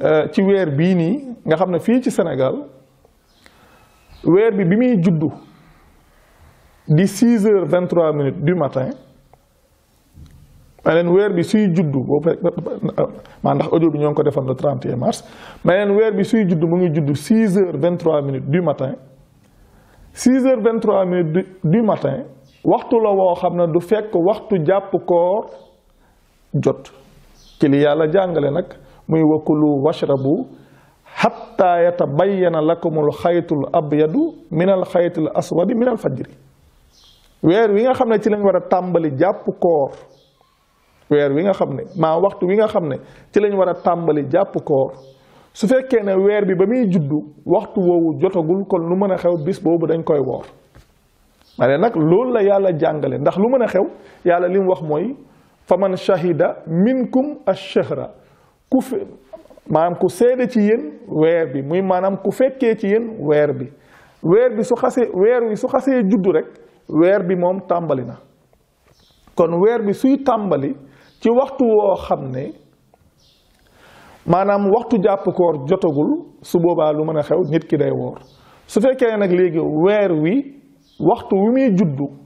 euh, ci weer bii nii nga xam ne fii ci senegal weer bi bi muy judd di 6 h 23 du matin maneen weer bi suy judd boo ma ndax audio bi ñoo ngi ko defal le 31 mars maneen weer bi suy judd mu ngi judd 6 h 23 du matin 6 h 23 du matin waxtu la woo xam ne du fekk waxtu jàpp koor jot kili yàlla jàngale nag muy wakkulu washrabu xatta yatabayyana lakumul xaytul abyadu minal xaytil aswadi minal fajri weer wi nga xam ne ci lañ war a tàmbali jàpp koor weer nga xam ne maa waxtu wi nga xam ne ci lañ war a tàmbali jàpp koor su fekkee ne weer bi ba muy juddu waxtu woowu jotagul kon lu mën a xew bis boobu dañ koy woor ma ne nag loolu la yàlla jàngale ndax lu mën a xew yàlla li wax mooy faman shahida minkum ash-shahra ku fi maanaam ku seede ci yéen weer bi muy maanaam ku fekkee ci yéen weer bi weer bi su xasee weer wi su xasee juddu rek weer bi moom tàmbali na kon weer bi suy tàmbali ci waxtu woo xam ne maanaam waxtu jàpp koor jotagul su boobaa lu mën a xew nit ki day woor su fekkee nag léegi weer wi waxtu wi muy juddu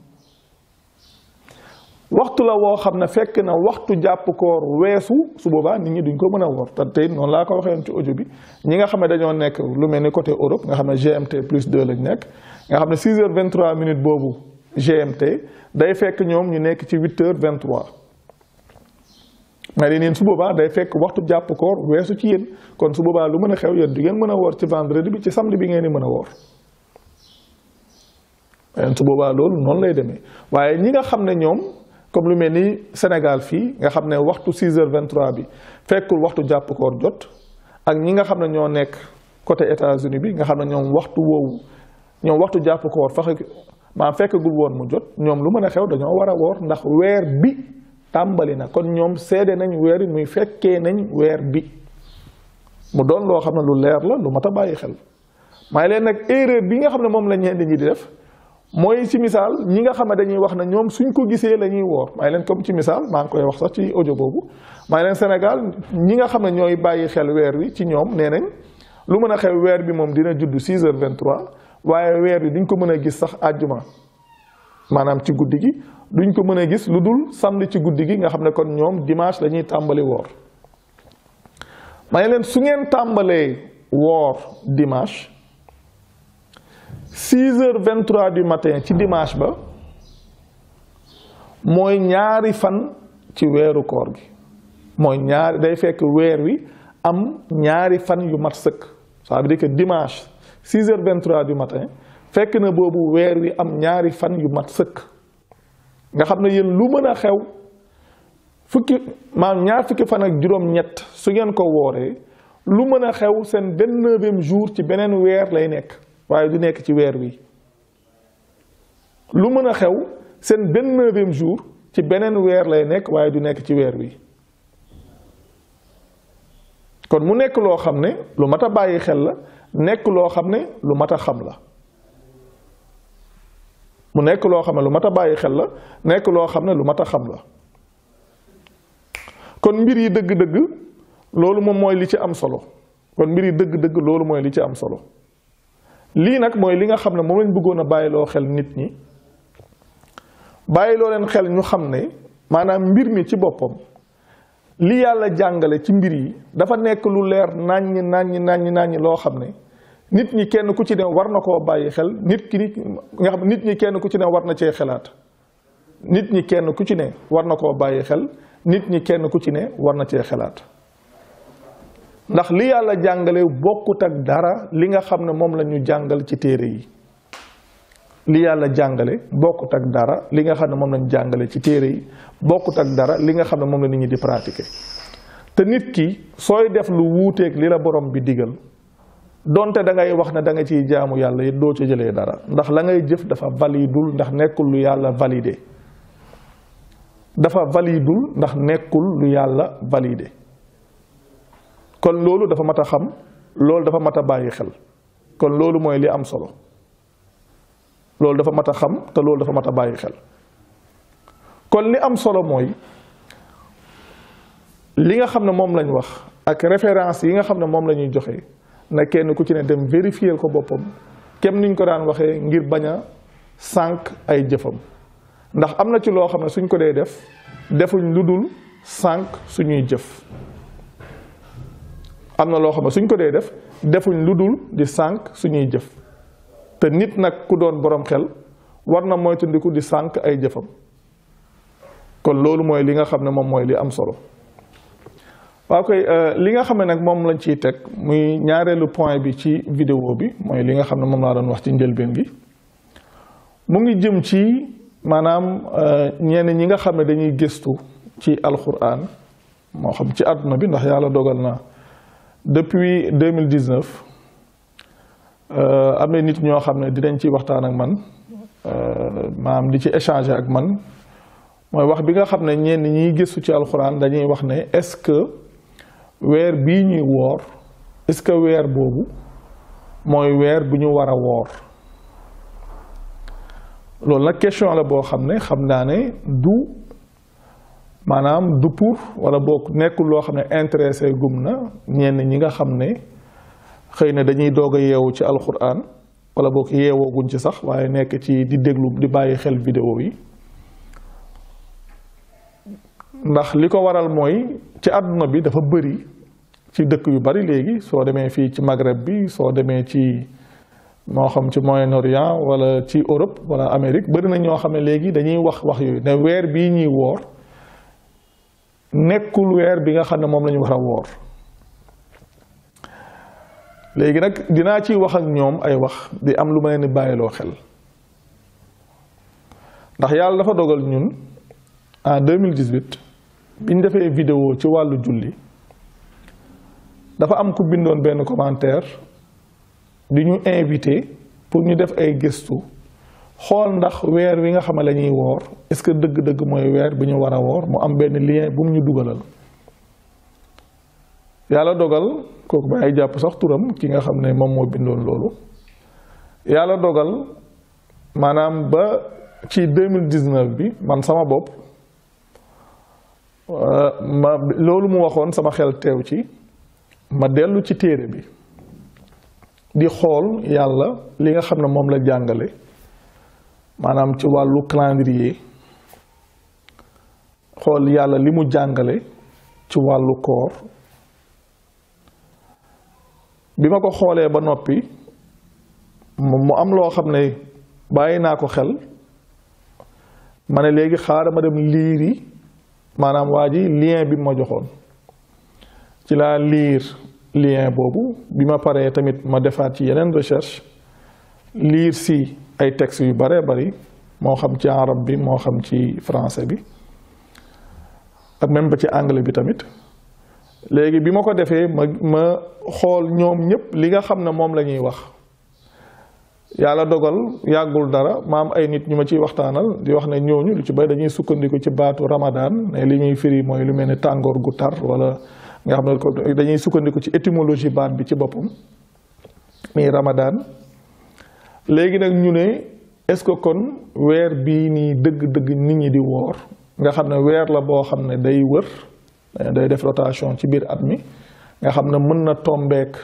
waxtu la woo xam ne fekk na waxtu jàpp koor weesu su boobaa nit ñi duñ ko mën a woor te tey noonu laa ko waxee woon ci audio bi ñi nga xam ne dañoo nekk lu mel ni côté Europe nga xam ne GMT plus de lañ nekk nga xam ne 6 heures 23 minutes boobu GMT day fekk ñoom ñu nekk ci 8 heures 23 mais neen su boobaa day fekk waxtu jàpp koor weesu ci yéen kon su boobaa lu mën a xew yéen du ngeen mën a woor ci vendredi bi ci samedi bi ngeen mën a woor. su loolu noonu lay demee waaye ñi nga xam ne ñoom. comme lu melni ni Sénégal fi nga xam ne waxtu 6 h 23 bi fekkul waxtu japp koor jot ak ñi nga xam ne nek côté États-Unis bi nga xam ne waxtu wo ñom waxtu japp koor ma fekk gul woon mu jot ñom lu mën xew dañu wara wor ndax weer bi tambali na kon ñom sédé nañ weer muy fekké nañ weer bi mu doon lo xam ne lu leer la lu mata bayyi xel may leen nak erreur bi nga xam ne lañ la ñi di def moy ci misal ñi nga xamé dañuy wax na ñom suñ ko gisé lañuy wor may leen comme ci misal ma ngi koy wax sax ci audio bobu may leen Sénégal ñi nga xam ñoy bayyi xel wër wi ci ñom nee lu mëna xew wër bi mom dina judd 6 h 23 waye wër bi duñ ko mëna gis sax aljuma manam ci guddi gi duñ ko mëna gis lu dul samedi ci guddi gi nga xamné kon ñom dimanche lañuy ñuy wor may leen su ngeen tambalé wor dimanche six heures vingt trois du matin ci dimanche ba mooy ñaari fan ci weeru koor gi mooy ñaari day fekk weer wi am ñaari fan yu mat sëkk ça veut dire que dimanche six heures vingt trois du matin fekk na boobu weer wi am ñaari fan yu mat sëkk nga xam ne yéen lu mën a xew fukki maam ñaar fukki fan ak juróom-ñett su ngeen ko wooree lu mën a xew seen vingt-neuvième jour ci beneen weer lay nekk waaye du nekk ci weer wi lu mën a xew seen benn neuvième jour ci beneen weer lay nekk waaye du nekk ci weer wi kon mu nekk loo xam ne lu mat a bàyyi xel la nekk loo xam ne lu mat a xam la mu nekk loo xam ne lu mat a bàyyi xel la nekk loo xam ne lu mat a xam la kon mbir yi dëgg-dëgg loolu moom mooy li ci am solo kon mbir yi dëgg-dëgg loolu mooy li ci am solo lii nag mooy li nga xam ne moom lañ bëggoon a bàyyiloo xel nit ñi bàyyiloo leen xel ñu xam ne maanaam mbir mi ci boppam li yàlla jàngale ci mbir yi dafa nekk lu leer nàññi nàññi nàññi nàññi loo xam ne nit ñi kenn ku ci ne war na koo bàyyi xel nit ki nit nit ñi kenn ku ci ne war na cee xelaat nit ñi kenn ku ci ne war na koo bàyyi xel nit ñi kenn ku ci ne war na cee xelaat ndax li yàlla jàngale bokkut ak dara li nga xam ne moom la ñu jàngal ci téere yi li yàlla jàngale bokkut ak dara li nga xam ne moom la ñu jàngale ci téere yi bokkut ak dara li nga xam ne moom la nit ñi di pratiquer te nit ki sooy def lu wuuteeg li la borom bi digal donte da ngay wax ne da nga ciy jaamu yàlla it doo ci jëlee dara ndax la ngay jëf dafa validul ndax nekkul lu yàlla validé dafa validul ndax nekkul lu yàlla validé kon lolu dafa mata xam lolu dafa mata bàyyi xel kon lolu moy li am solo lolu dafa mata xam te lolu dafa mata bàyyi xel kon li am solo moy li nga xamne mom lañ wax ak référence yi nga xamne mom lañuy joxe na kenn ku ci ne dem vérifier ko boppam kem niñ ko daan waxe ngir baña sank ay jëfëm ndax amna ci lo xamne suñ ko dee def defuñ lu sank suñuy jëf amna lo loo xam suñ ko def defuñ di sank suñuy jëf te nit nak ku doon borom xel warna moytandiku di sank ay jëfam kon loolu moy li nga xamne mom moy li am solo wa koy euh, li nga xamne nak mom lañ ciy tek muy ñaarelu point bi ci vidéo bi moy li nga xamne mom la doon wax ci njëlbeen gi mu ngi jëm ci manam euh, ñenn ñi nga xamne dañuy gestu ci alquran mo xam ci aduna bi ndax yalla dogal na depuis 2019 euh, am na nit ñoo xam ne dinañ ci waxtaan ak man euh, maam di ci échanger ak man mooy wax bi nga xam ne ñenn ñiy gëstu ci alxuraan dañuy wax ne est-ce que weer bii ñuy woor est-ce que weer boobu mooy weer bu ñu war a woor loolu nag question la boo xam ne xam naa ne du. maanaam du pour wala boog nekkul loo xam ne intéressé gum na ñenn ñi nga xam ne xëy na dañuy doog a yeewu ci alquran wala boog yeewooguñ ci sax waaye nekk ci di déglu di bàyyi xel vidéo yi ndax li ko waral mooy ci àdduna bi dafa bëri ci dëkk yu bari léegi soo demee fii ci Maghreb bi soo demee ci moo xam ci Moyen-Orient wala ci Europe wala Amérique bari na ñoo xam ne léegi dañuy wax wax yooyu ne weer bii ñuy woor nekkul weer bi nga xam ne moom la ñu war a woor léegi nag dinaa ci wax ak ñoom ay wax di am lu ma leen di bàyyiloo xel ndax yàlla dafa dogal ñun en 2018 biñ defee vidéo ci wàllu julli dafa am ku bindoon benn commentaire di ñu invité pour ñu def ay gëstu xool ndax weer wi nga xam ne la woor est-ce que dëgg-dëgg mooy weer bi ñu war a woor mu am benn lien bu mu ñu dugalal yàlla dogal kooku ba ay jàpp sax turam ki nga xam ne moom moo bindoon loolu yàlla dogal maanaam ba ci 2019 bi man sama bopp euh, ma loolu mu waxoon sama xel teew ci ma dellu ci téere bi di xool yàlla li nga xam ne moom la jàngale maanaam ci wàllu calendrier xool yàlla li mu jàngale ci wàllu koor bi ma ko xoolee ba noppi mu am loo xam ne bàyyi naa ko xel ma ne léegi xaaral ma dem liiri maanaam waa ji lien bi ma joxoon ci laa liir lien boobu bi ma paree tamit ma defaat ci yeneen recherche liir si ay textes yu bëree bari moo xam ci arab bi moo xam ci français bi ak même ba ci anglais bi tamit léegi bi ma ko defee ma ma xool ñoom ñëpp li nga xam ne moom la ñuy wax yàlla dogal yàggul dara maam ay nit ñu ma ciy waxtaanal di wax ne ñooñu lu ci bay dañuy sukkandiku ci baatu ramadaan ne li ñuy firi mooy lu mel ni tàngoor gu tar wala nga xam ne dañuy sukkandiku ci étymologie baat bi ci boppam muy ramadaan léegi nag ñu ne est-ce que kon weer bii nii dëgg-dëgg nit ñi di woor nga xam ne weer la boo xam ne day wër eh, day def rotation ci biir at mi nga xam ne mën na tombeek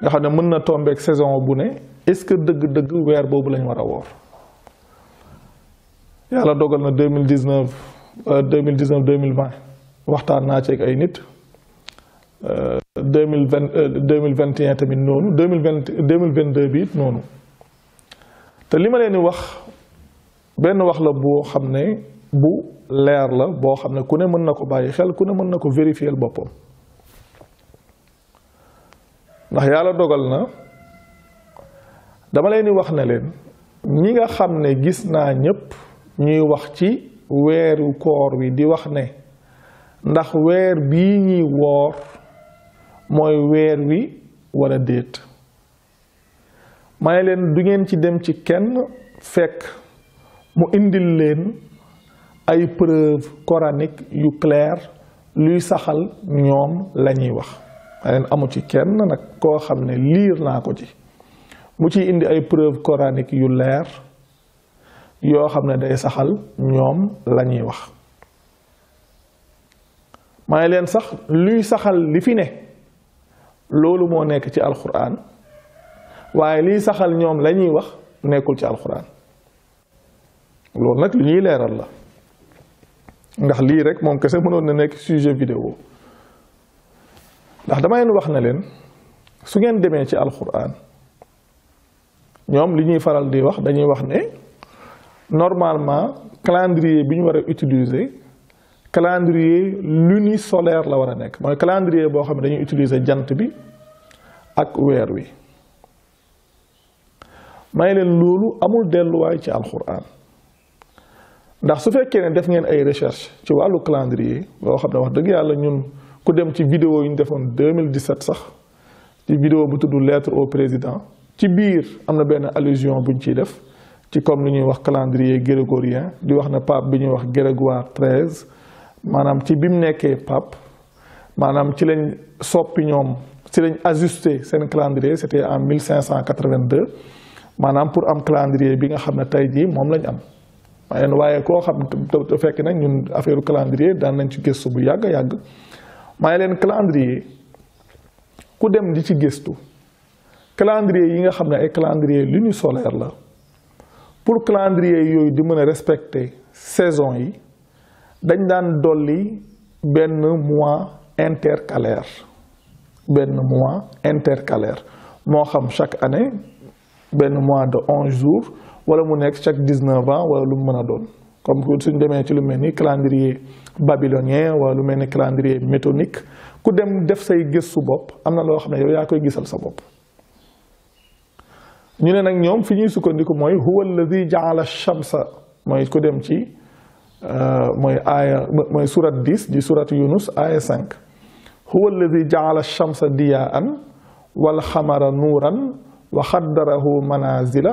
nga xam ne mën na tombeek saison bu ne est-ce que dëgg-dëgg weer boobu lañ war a woor yàlla dogal na deux mille dix neuf euh, mille dix neuf deux mille vingt waxtaan naa ci ak ay nit euh, deux mille vingt euh, deux mille vingt et un tamit noonu deux mille vingt deux mille vingt deux bi it noonu. te li ma leen di wax benn wax la boo xam ne bu leer la boo xam ne ku ne mën na ko bàyyi xel ku ne mën na ko vérifier boppam ndax yàlla dogal na dama leen di wax ne leen ñi nga xam ne gis naa ñépp ñuy wax ci weeru koor wi di wax ne ndax weer bii ñuy woor mooy weer wi walla déet ma ne leen du ngeen ci dem ci kenn fekk mu indi leen ay preuve coranique yu claire luy saxal ñoom la ñuy wax ma leen amu ci kenn nag koo xam ne liir naa ko ci mu ci indi ay preuve coranique yu leer yoo xam ne day saxal ñoom lañuy wax ma leen sax luy saxal li fi ne loolu moo nekk ci alxuraan waye li saxal ñom lañuy wax nekul ci alquran lool nak li ñuy leeral la ndax li rek mom kesse mënon na nek sujet vidéo ndax dama leen wax na leen su ngeen démé ci alquran ñom li ñuy faral di wax dañuy wax ne normalement calendrier biñu wara utiliser calendrier lunisolaire la wara nek moy calendrier bo xamné dañuy utiliser jant bi ak wèr wi. may leen loolu amul delluwaay ci alxuraan ndax su fekkee ne def ngeen ay recherche ci wàllu calendrier boo xam ne wax dëgg yàlla ñun ku dem ci vidéo yi ñu defoon 2017 sax ci vidéo bu tuddu lettre au président ci biir am na benn allusion buñ ciy def ci comme li ñuy wax calendrier grégorien di wax ne pape bi ñuy wax Grégoire treize maanaam ci bi mu nekkee pape maanaam ci lañ soppi ñoom ci lañ ajusté seen calendrier c'était en 1582 maanaam pour am calendrier bi nga xam ne tey jii moom lañu am waaye waaye koo xam te fekk nañ ñun affaire calendrier daan nañ ci gestu bu yàgg yàgg maye leen calendrier ku dem di ci gëstu calendrier yi nga xam ne ay li calendrier lunisolaire la pour calendrier yooyu di mën a respecter saison yi dañ daan dolli benn mois intercalaire benn mois intercalaire moo xam chaque année ben mois de 11 jours wala mu nek chaque 19 ans wala lu meuna don comme que suñu démé ci lu melni calendrier babylonien wala lu melni calendrier métonique ku dem def say gëstu bopp am na loo xam yow ya koy gissal sa bop ñu ne nak ñom fiñuy sukkandiku moy huwa alladi jaala ash shamsa moy ku dem ci moy aya moy surat 10 di sourate yunus aya 5 huwa alladi jaala shamsa diyaan wal xamara nuuran وخدره منازل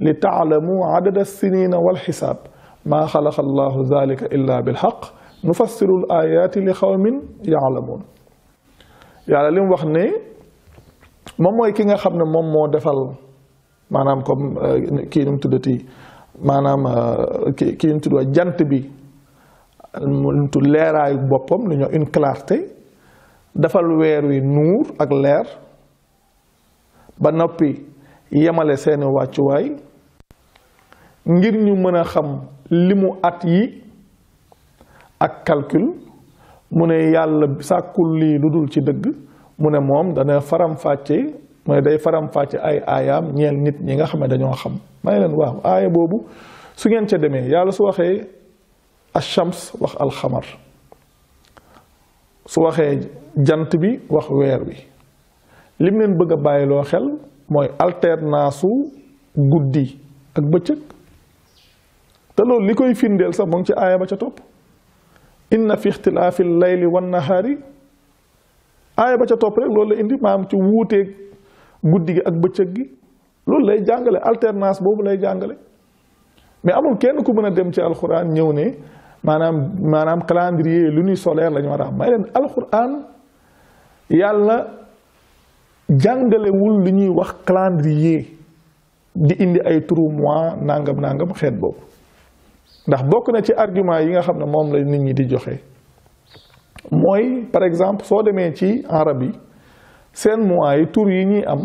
لتعلموا عدد السنين والحساب ما خلق الله ذلك إلا بالحق نفسر الآيات لقوم يعلمون يعني لم وخني مم ويكينا خبنا مم مو دفل ما نام كم كي نمتدتي ما كي نمتدوا جنتبي نمتو ليرا يبوبم لنو إن دفل ويروي نور أك ba yamale yemale waccu way ngir ñu mëna xam limu at yi ak calcul mune yalla yàlla sàkkul lii ci deug mune mom dana faram faccé mune day faram faccé ay ayam ñeel nit ñi nga xamé ne dañoo xam may leen waaw aaya bobu su ngeen ci démé yalla su ash ashams wax al-khamar su waxé jant bi wax wèr bi li mu leen bëgg a bàyyiloo xel mooy alternance guddi ak bëccëg te loolu li koy firndeel sax mu ngi ci aaya ba ca topp inna fi ixtilaafi layli wan nahaari aaya ba ca topp rek loolu la indi maam ci wuuteeg guddi gi ak bëccëg gi loolu lay jàngale alternance boobu lay jàngale mais amul kenn ku mën a dem ci alxuraan ñëw ne maanaam maanaam calendrier li ñuy solaire lañu war a am may leen alxuraan yàlla jàngalewul li ñuy wax calendrier di indi ay turu mois nangam nangam xeet boobu ndax bokk na ci argument yi nga xam ne moom la nit ñi di joxe mooy par exemple soo demee ci en arab yi seen mois yi tur yi ñuy am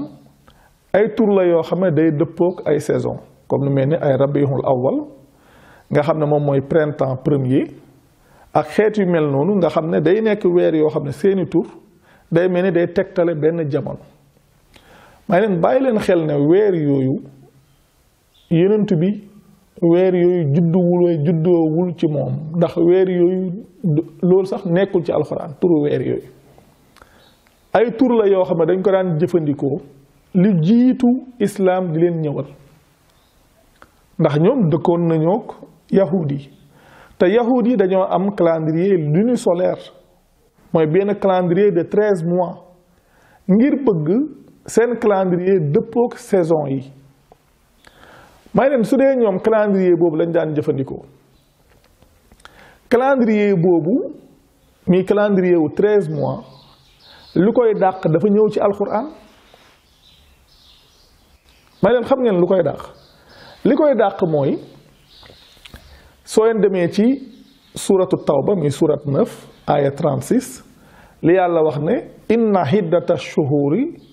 ay tur la yoo xam ne day dëppook ay saison comme lu mel ni ay rabiul awwal nga xam ne moom mooy printemps premier ak xeet yu mel noonu nga xam ne day nekk weer yoo xam ne seeni tur day mel ni day tegtale benn jamono may leen bàyyi leen xel ne weer yooyu yonent bi weer yooyu judduwul juddoowul ci moom ndax weer yooyu loolu sax nekkul ci alxuraan turu weer yooyu ay tur la yoo xam ne dañ ko daan jëfandikoo li jiitu islaam di leen ñëwal ndax ñoom dëkkoon nañoo yahuud yi te yahuud yi dañoo am calendrier lunisolaire mooy benn calendrier de treize mois ngir bëgg seen calendrier dëppook saison yi may leen su dee ñoom calendrier boobu lañ daan jëfandikoo calendrier boobu muy calendrier wu treize mois lu koy dàq dafa ñëw ci alxuraan may leen xam ngeen lu koy dàq li koy dàq mooy soo leen demee ci suuratu taw tawba muy suurat neuf aaya trente six li yàlla wax ne inna hiddata shuhuri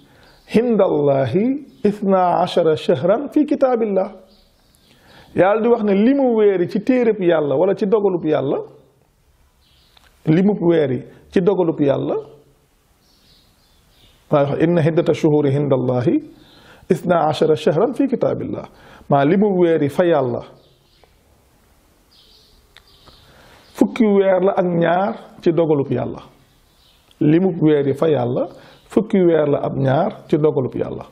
hindallahi ithna ashara shahran fi kitaabillah yàlla di wax ne li weeri ci téereb yàlla wala ci dogalub yàlla li mu weeri ci dogalub yàlla maa wax inna hiddata shuhuri hindallahi ithna ashara shahran fi kitaabillah maa li mu weeri fa yàlla fukki weer la ak ñaar ci dogalub yàlla li weeri fa yàlla fukki weer la ab ñaar ci dogalub yàlla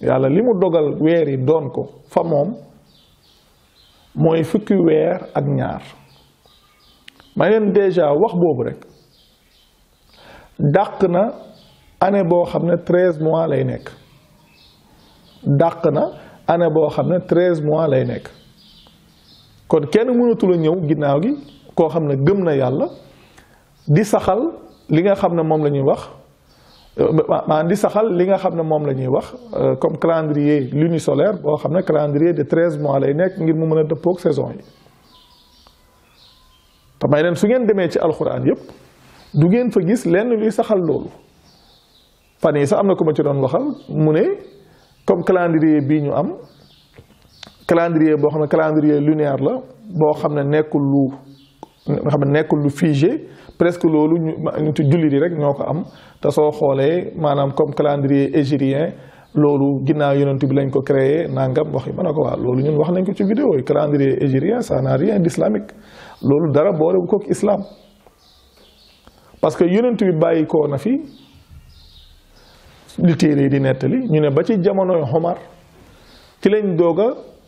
yàlla li mu dogal weer yi doon ko fa moom mooy fukki weer ak ñaar ma leen déjà wax boobu rek dàq na année boo xam ne treize mois lay nekk dàq na année boo xam ne treize mois lay nekk kon kenn mënatul a ñëw ginnaaw gi koo xam ne gëm na yàlla di saxal li nga xam ne moom la ñuy wax Mais dis ça, les gars, comme le moment la ñuy comme calendrier lunisolaire boo xam ne calendrier de 13 mois lay nekk ngir mu mën de dëppoog saison yi Tu may leen su ngeen de ci alxuraan yépp du ngeen fa gis lenn luy saxal loolu fan yi sax am na ku ma ci doon waxal mu ne comme calendrier bii ñu am calendrier boo xam ne calendrier lunaire la boo xam ne nekkul lu nga xam ne nekkul lu figé presque loolu ñu ñu ci jullit yi rek ñoo ko am te soo xoolee maanaam comme calendrier hégirien loolu ginnaaw yonent bi lañ ko créer nangam wax yi ma ne ko waa loolu ñun wax nañ ko ci vidéo yi calendrier hégirien ça n'a rien d'islamique loolu dara boole bu islaam parce que yonent bi bàyyi koo na fi li yi di nettali ñu ne ba ci jamonoy Omar ci lañ doog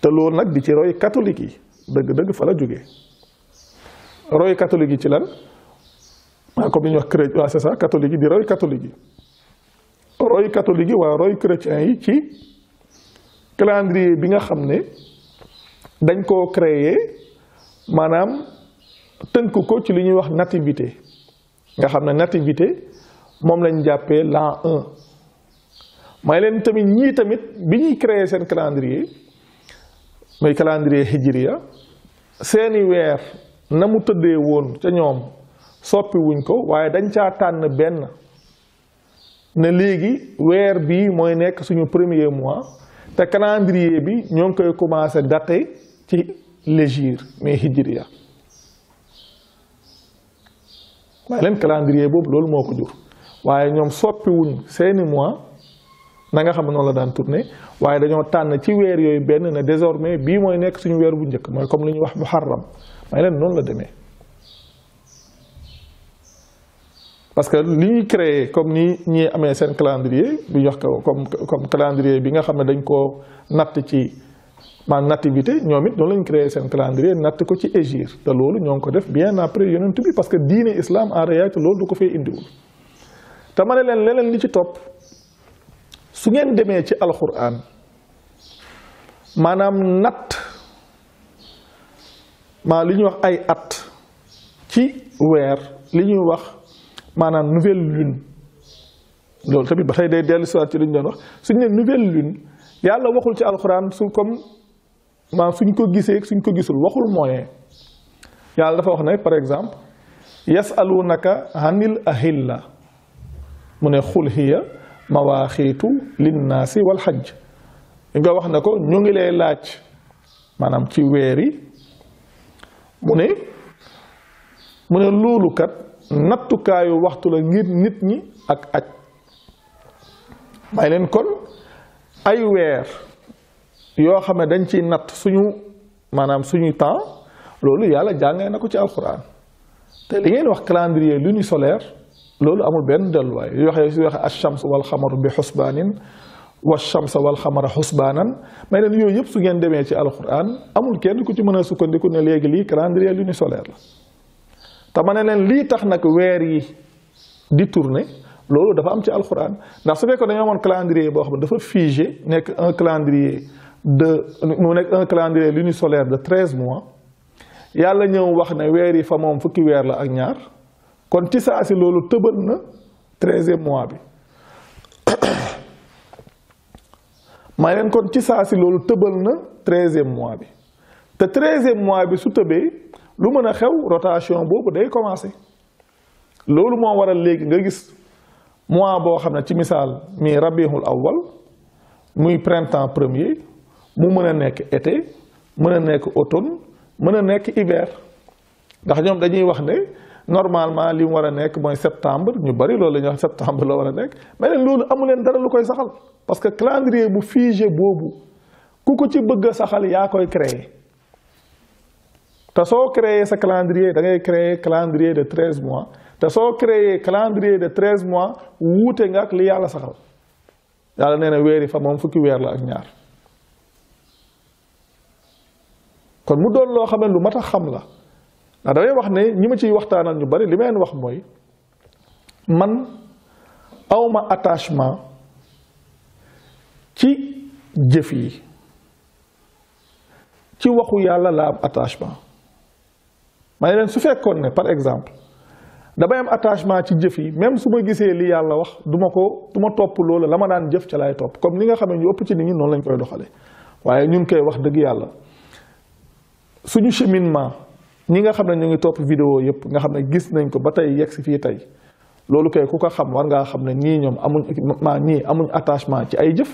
te loolu nag di ci roy catholique yi dëgg-dëgg fa la jógee roy catholique yi ci lan comme bi ñuy wax chrétien waaw c'est ça catholique yi di roy catholique yi roy catholique yi waa roy chrétien yi ci calendrier bi nga xam ne dañ koo créer maanaam tënk ko ci li ñuy wax nativité nga xam ne nativité moom lañ jàppee l'an un may leen tamit ñii tamit bi ñuy créer seen calendrier muy calendrier hijriya seeni weer na mu tëddee woon ca ñoom soppi wuñ ko waaye dañ caa tànn benn ne léegi weer bii mooy nekk suñu premier mois te calendrier bi ñoo ngi koy commencé daté ci légir mais hijriya waaye leen calendrier boobu loolu moo ko jur waaye ñoom soppi wuñ seeni mois na nga xam ne noonu la daan tourné waaye dañoo tànn ci weer yooyu benn ne désormais bii mooy nekk suñu weer bu njëkk mooy comme lu ñuy wax muharram may leen noonu la demee. que li ñuy créé comme ni ñi amee seen calendrier bi jox ko comme comme calendrier bi nga xam ne dañ koo natt ci maanaam nativité ñoom it noonu lañ créé seen calendrier natt ko ci égir te loolu ñoo ngi ko def bien après yonent bi parce que diine islam en réalité loolu du ko fee indiwul te ma ne leen leneen li ci topp. su ngeen demee ci alxuraan maanaam natt maa li ñuy wax ay at ci weer li ñuy wax maanaam nouvelle lune loolu tamit ba tey day dellu siwaat ci li ñu doon wax suñ ne nouvelle lune yàlla waxul ci alxuraan su comme maanaam suñ ko gisee suñ ko gisul waxul moyen yàlla dafa wax ne par exemple yasalunaka hanil ahilla mu ne xul mawaaxiitu linnaasi wal xaj li nga wax na ko ñu ngi lay laaj maanaam ci weer yi mu ne mu ne loolu kat nattukaayu waxtu la ngir nit ñi ak aj may leen kon ay weer yoo xam ne dañ ci natt suñu maanaam suñu temps loolu yàlla jàngee na ko ci alxuraan te li ngeen wax calendrier lunisolaire لول امول بن دلواي يوخي سي الشمس والخمر بحسبان والشمس والخمر حسبانا ما لين يوي ييب سو ген ديمي سي القران امول كين كو تي مانا سوكاندي كو ني ليغي لي كالندري لوني سولير لا تا مانا لين لي تخ نك وير يي دي تورني لول دا فا ام سي القران دا سو فيكو دا نيو مون كالندري بو خم دا فا فيجي نيك ان كالندري د مو نيك 13 mois يالا نيو واخ ني وير يي فا موم فكي وير لا kon ci saa si loolu tëbal na treizième mois bi may leen kon ci saa si loolu tëbal na treizième mois bi te treizième mois bi su tëbee lu mën a xew rotation boobu day commencé loolu moo waral léegi nga gis mois boo xam ne ci misaal mi rabiihul awwal muy printemps premier mu mën a nekk été mën a nekk automne mën a nekk hiver ndax ñoom dañuy wax ne normalement li mu war a nekk mooy septembre ñu bari loolu la ñuy wax septembre la war a nekk mais nag loolu amu leen dara lu koy saxal parce que calendrier bu figé boobu ku ko ci bëgg a saxal yaa koy créer te soo créer sa calendrier da ngay créer calendrier de treize mois te soo créer calendrier de treize mois wuute nga ak li yàlla saxal yàlla nee na weeri fa moom fukki weer la ak ñaar kon mu doon loo xam ne lu mat a xam la. ndax damay wax ne ñi ma ciy waxtaanal ñu bari li ma leen wax mooy man awma attachement ci jëf yi ci waxu yàlla laa am attachement ma ne leen su fekkoon ne par exemple damay am attachement ci jëf yi même su ma gisee li yàlla wax du ma ko du ma topp loolu la ma daan jëf ca laay topp comme li nga xam ne ñu ëpp ci nit ñi noonu lañ koy doxale waaye ñun koy wax dëgg yàlla suñu cheminement ñi nga xamne top ñu ngi top vidéo yépp nga xamne gis nañ ko batay yex fi tay lolu kay ku ko xam war nga xamne ñi ñom amuñ ma ñi amuñ attachement ci ay jëf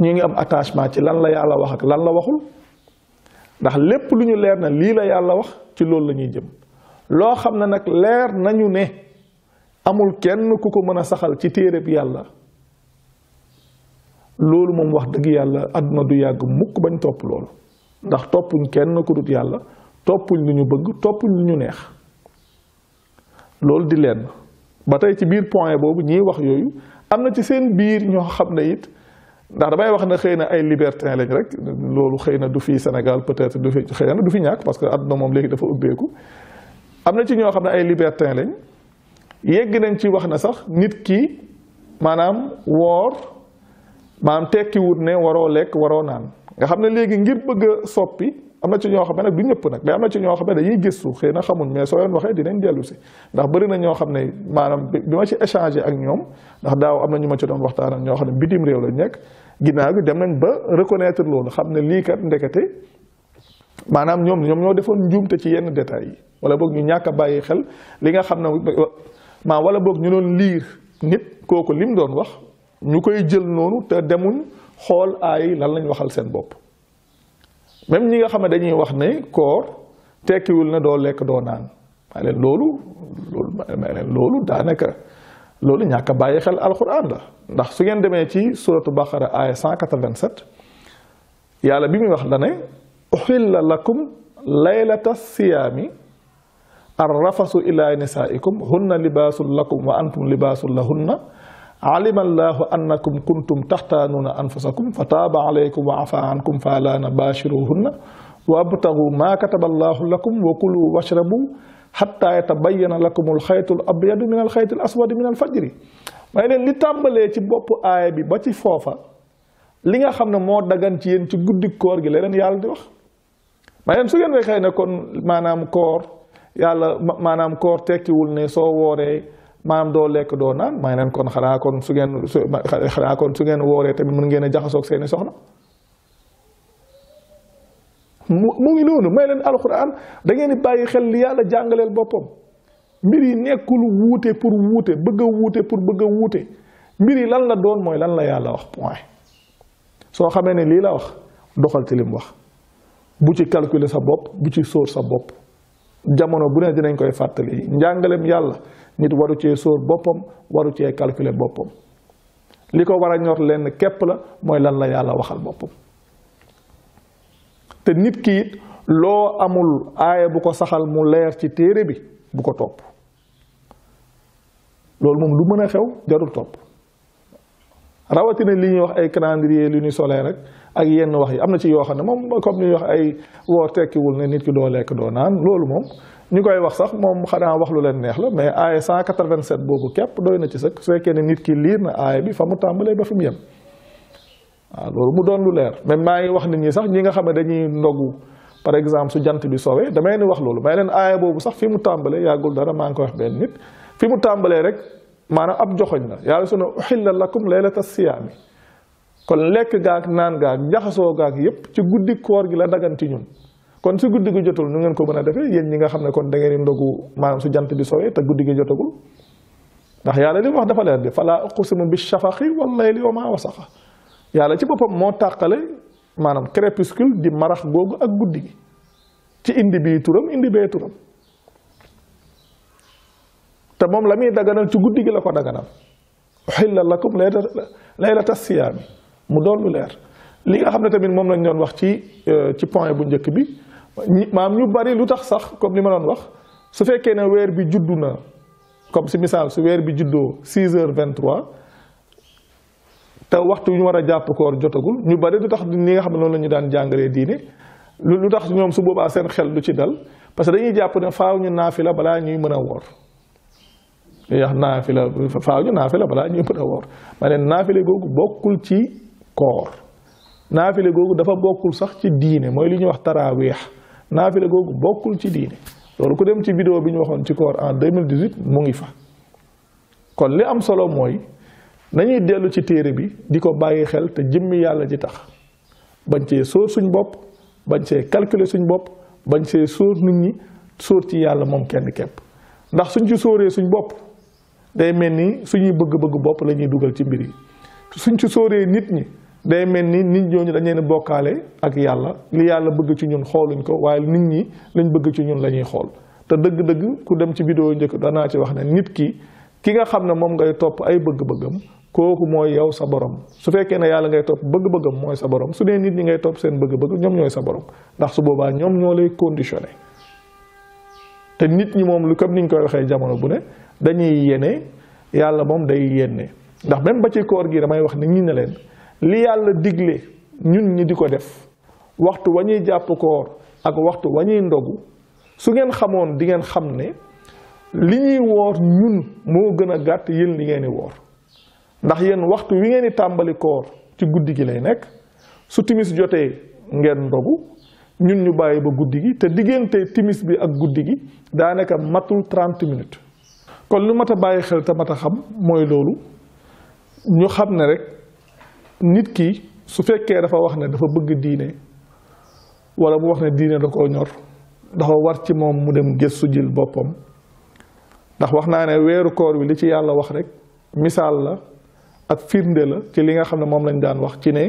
ñi ngi am attachement ci lan la yalla wax ak lan la waxul ndax lepp luñu leer na li la yalla wax ci lolu lañuy jëm lo xamne nak leer nañu ne amul kenn ku ko mëna saxal ci téereb yalla lolu mom wax deug yalla aduna du yag mukk bañ top lolu ndax topuñ kenn ku dut yalla toppuñ lu ñu bëgg toppuñ lu ñu neex loolu di leen ba tey ci biir point boobu ñiy wax yooyu am na ci seen biir ñoo xam ne it ndax damay wax ne xëy na ay libertin lañ rek loolu xëy na du fi Sénégal peut-être du fi xëy na du fi ñàkk parce que àdduna moom léegi dafa ubbeeku am na ci ñoo xam ne ay libertin lañ yegg nañ ci wax na sax nit ki maanaam woor maanaam tekki wut ne waroo lekk waroo naan nga xam ne léegi ngir bëgg soppi. amna ci ñoo xamne nak nag du ñëpp nak mais amna ci ñoo xamne dañuy gëssu xeyna xamuñ mais so leen waxe dinañ dellu si ndax bari na ñoo xamne manam bima ci échanger ak ñoom ndax daaw amna na ñu ma ci doon waxtaan ak ñoo xamne bitim rew la ñek ginnaaw gi dem nañ ba reconnaître loolu xamne li kat ndekete manam ñoom ñoom ñoo defoon njumte ci yenn détails yi wala bok ñu ñaka bàyyi xel li nga xamne ma wala bok ñu doon lire nit koku lim doon wax ñukoy jël nonu te demuñ xol ay lan lañ waxal seen bop même ñi nga xam ne dañuy wax ne koor tekkiwul na doo lekk doo naan maa leen loolu loolu leen loolu daanaka loolu ñàkk bàyyi xel alquran la ndax su ngeen demee ci suratu baqara aaya 187 yàlla bi muy wax la ne uxilla lakum laylata siyaami arrafasu ila nisaikum hunna libaasul lakum wa antum libaasul lahunna alima allahu annakum kuntum taxtaanuuna anfusakum fa taaba alaykum wa afa ankum fa laa nabashiruhunna wa abtagu maa kataba allahu lakum wa kulu washrabu xatta yatabayana lakum alxaytu al abyadu min alxayti al aswadi min alfajri may leen li tàmbalee ci bopp aaya bi ba ci foofa li nga xam ne moo dagan ci yéen ci guddi koor gi leneen yàlla di wax may leen su ngeen waxee ne kon maanaam koor yàlla maanaam koor tekkiwul ne soo wooree maanaam doo lekk doo naan may leen kon xanaa kon su ngeen su xanaa kon su ngeen wooree tamit mën ngeen a jaxasoog seeni soxna mu mu ngi noonu may leen alxuraan da ngeen di bàyyi xel li yàlla jàngaleel boppam mbir yi nekkul wuute pour wuute bëgg a wuute pour bëgg a wuute mbir yi lan la doon mooy lan la yàlla wax point soo xamee ne lii la wax doxal ci lim wax bu ci calculer sa bopp bu ci sóor sa bopp jamono bu ne dinañ koy fàttali njàngaleem yàlla nit waru cee sóor boppam waru cee calculer boppam li ko war a ñor lenn képp la mooy lan la yàlla waxal boppam te nit ki it loo amul aaya bu ko saxal mu leer ci téere bi bu ko topp loolu moom lu mën a xew jarul topp rawatina li ñuy wax ay calendrier li ñu solee rek ak yenn wax yi am na ci yoo xam ne moom comme ni ñuy wax ay woor tekkiwul ne nit ki doo lekk doo naan loolu moom ñu koy wax sax moom xanaa wax lu leen neex la mais aaya 187 boobu képp doy na ci sëkk su fekkee nit ki liir na aaya bi fa mu tàmbalee ba fi mu yem waaw loolu mu doon lu leer même maa ngi wax nit ñi sax ñi nga xam ne dañuy ndogu par exemple su jant bi soowee damay ni wax loolu may leen aaya boobu sax fi mu tàmbalee yàggul dara maa ngi koy wax benn nit fi mu tàmbalee rek maanaam ab joxoñ la yàlla sunu uxilla lakum laylata siyaami kon lekk gaag naan gaag jaxasoo gaag yépp ci guddi koor gi la daganti ñun kon si guddi gi jotul nu ngeen ko mën a defee yéen ñi nga xam ne kon da ngeen di ndogu maanaam su jant bi sowee te guddi gi jotagul ndax yàlla li wax dafa leer bi fala uqsimu bi shafaqi wal layli wa ma wasaqa yàlla ci boppam moo tàqale maanaam crépuscule di marax googu ak guddi indi bii turam indi bee moom la muy daganal ci guddi la ko daganal uhilla lakum laylata siyaami mu doon lu leer li nga xam ne tamit moom lañ doon wax ci euh, ci point bu njëkk bi maam ñu bari lu tax sax comme li ma doon wax su fekkee ne weer bi juddu na comme si misaal su weer bi juddoo 6 heures 23 te waxtu ñu war a jàpp koor jotagul ñu bari lu tax ñi nga xam ne noonu la ñu daan jàngalee diine lu tax ñoom su boobaa seen xel lu ci dal parce que dañuy jàpp ne faaw ñu naafila balaa ñuy mën a woor. yax naafila faaw ñu la balaa ñuy mën a woor ma ne naafila googu bokkul ci koor naafila googu dafa bokkul sax ci diine mooy li ñuy wax taraaweex. naafila googu bokkul ci diine loolu ku dem ci vidéo bi ñu waxoon ci koor en 2018 mu ngi fa kon li am solo mooy nañuy dellu ci téere bi di ko bàyyi xel te jëmmi yàlla ji tax bañ cee sóor suñ bopp bañ see calculer suñ bopp bañ see sóor nit ñi sóor ci yàlla moom kenn képp ndax suñ ci sóoree suñ bopp day mel ni suñuy bëgg-bëgg bopp la ñuy dugal ci mbir yi suñ sóoree nit ñi day mel ni nit ñooñu dañ leen bokkaale ak yàlla li yàlla bëgg ci ñun xooluñ ko waaye nit ñi lañ bëgg ci ñun la ñuy xool te dëgg-dëgg ku dem ci vidéo njëkk danaa ci wax ne nit ki ki nga xam ne moom ngay topp ay bëgg-bëggam kooku mooy yow sa borom su fekkee ne yàlla ngay topp bëgg-bëggam mooy sa borom su dee nit ñi ngay topp seen bëgg-bëgg ñoom ñooy sa borom ndax su boobaa ñoom ñoo lay conditionné te nit ñi moom lu comme niñ koy waxee jamono bu ne dañuy yéene yàlla moom day yéene ndax même ba ci koor gi damay wax nit ne leen li yàlla digle ñun ñi di ko def waxtu wañuy jàpp koor ak waxtu wa ndogu su ngeen xamoon di ngeen xam ne li ñuy woor ñun moo gën a gàtt yéen li ngeen di woor ndax yéen waxtu wi ngeen di tàmbali koor ci guddi gi lay nekk su timis jotee ngeen ndogu ñun ñu bàyyi ba guddi gi te diggante timis bi ak guddi gi daanaka matul 30 minutes kon lu mat a bàyyi xel te mat a xam mooy loolu ñu xam ne rek. nit ki su fekkee dafa wax ne dafa bëgg diine wala mu wax ne diine da koo ñor dafa war ci moom mu dem gëstu jil boppam ndax wax naa ne weeru koor wi li ci yàlla wax rek misaal la ak firnde la ci li nga xam ne moom lañ daan wax ci ne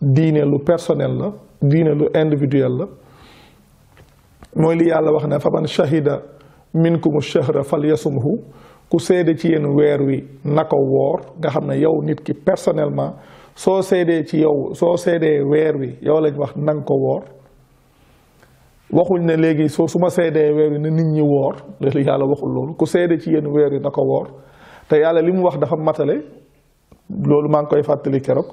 diine lu personnel la diine lu individuel la mooy li yàlla wax ne fa man shahida minkum shahra fal yasumhu ku seede ci yéen weer wi na ko woor nga xam ne yow nit ki personnellement soo seedee ci yow soo seedee weer wi yow lañ wax nang ko woor waxuñ ne léegi soo su ma seedee weer wi na nit ñi woor loolu yàlla waxul loolu ku seedee ci yéen weer wi na ko woor te yàlla li mu wax dafa matale loolu maa ngi koy fàttali keroog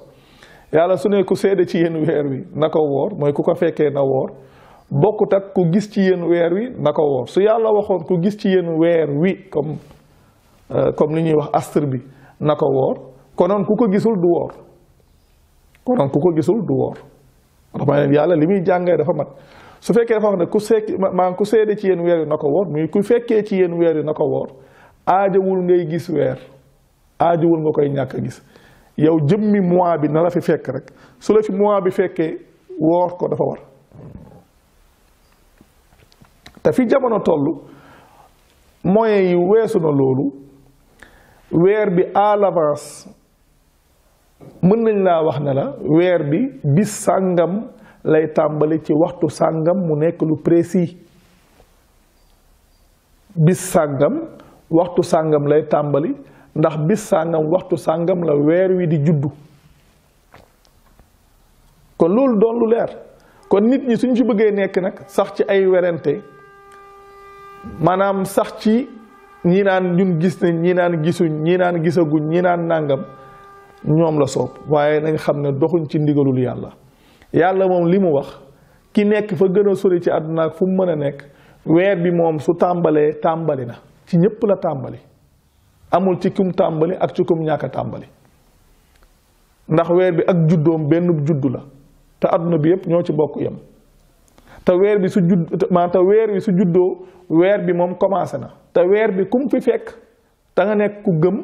yàlla su ne ku seede ci yéen weer wi na ko woor mooy ku ko fekkee na woor bokkut ak ku gis ci yenn weer wi na ko woor su yàlla waxoon ku gis ci yéen weer wi comme euh, comme li ñuy wax astre bi na ko woor konoon ku ko gisul du woor kon ku ko gisul du woor dama leen yàlla li muy jàngee dafa mat su fekkee dafa wax ne ku sekk maanaam ku seede ci yéen weer yi na ko woor muy ku fekkee ci yéen weer yi na ko woor aajawul ngay gis weer aajawul nga koy ñàkk a gis yow jëmmi mois bi na la fi fekk rek su la fi mois bi fekkee woor ko dafa war te fi jamono toll moyens yi weesu na loolu weer bi à mën nañ laa wax ne la weer bi bis sàngam lay tàmbali ci waxtu sàngam mu nekk lu précis bis sàngam waxtu sàngam lay tàmbali ndax bis sàngam waxtu sàngam la weer wi di juddu kon loolu doon lu leer kon nit ñi suñ ci bëggee nekk nag sax ci ay werante maanaam sax ci ñi naan ñun gis nañ ñi naan gisuñ ñi gisaguñ ñi naan nàngam ñoom la soob waaye nañ xam ne doxuñ ci ndigalul yàlla yàlla moom li mu wax ki nekk fa gën a sori ci àdduna ak fu mu mën a nekk weer bi moom su tàmbalee tàmbali na ci ñépp la tàmbali amul ci kum tàmbali ak ci kum ñàkk tàmbali ndax weer bi ak juddoom benn juddu la te àdduna bi yépp ñoo ci bokk yam te weer bi su judd ma weer bi su juddoo weer bi moom commencé na te weer bi kum fi fekk te nga nekk ku gëm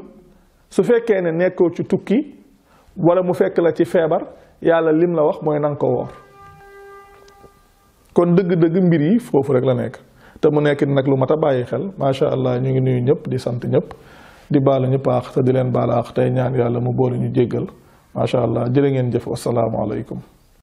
su fekkee ne nekkoo ci tukki wala mu fekk la ci feebar yàlla lim la wax mooy na nga ko woor kon dëgg-dëgg mbir yi foofu rek la nekk te mu nekk nag lu mat a bàyyi xel macha allah ñu ngi nuyu ñëpp di sant ñëpp di baalu ñëpp aax te di leen baal aax tey ñaan yàlla mu boole ñu jéggal macha allah jërë ngeen jëf wasalaamualeykum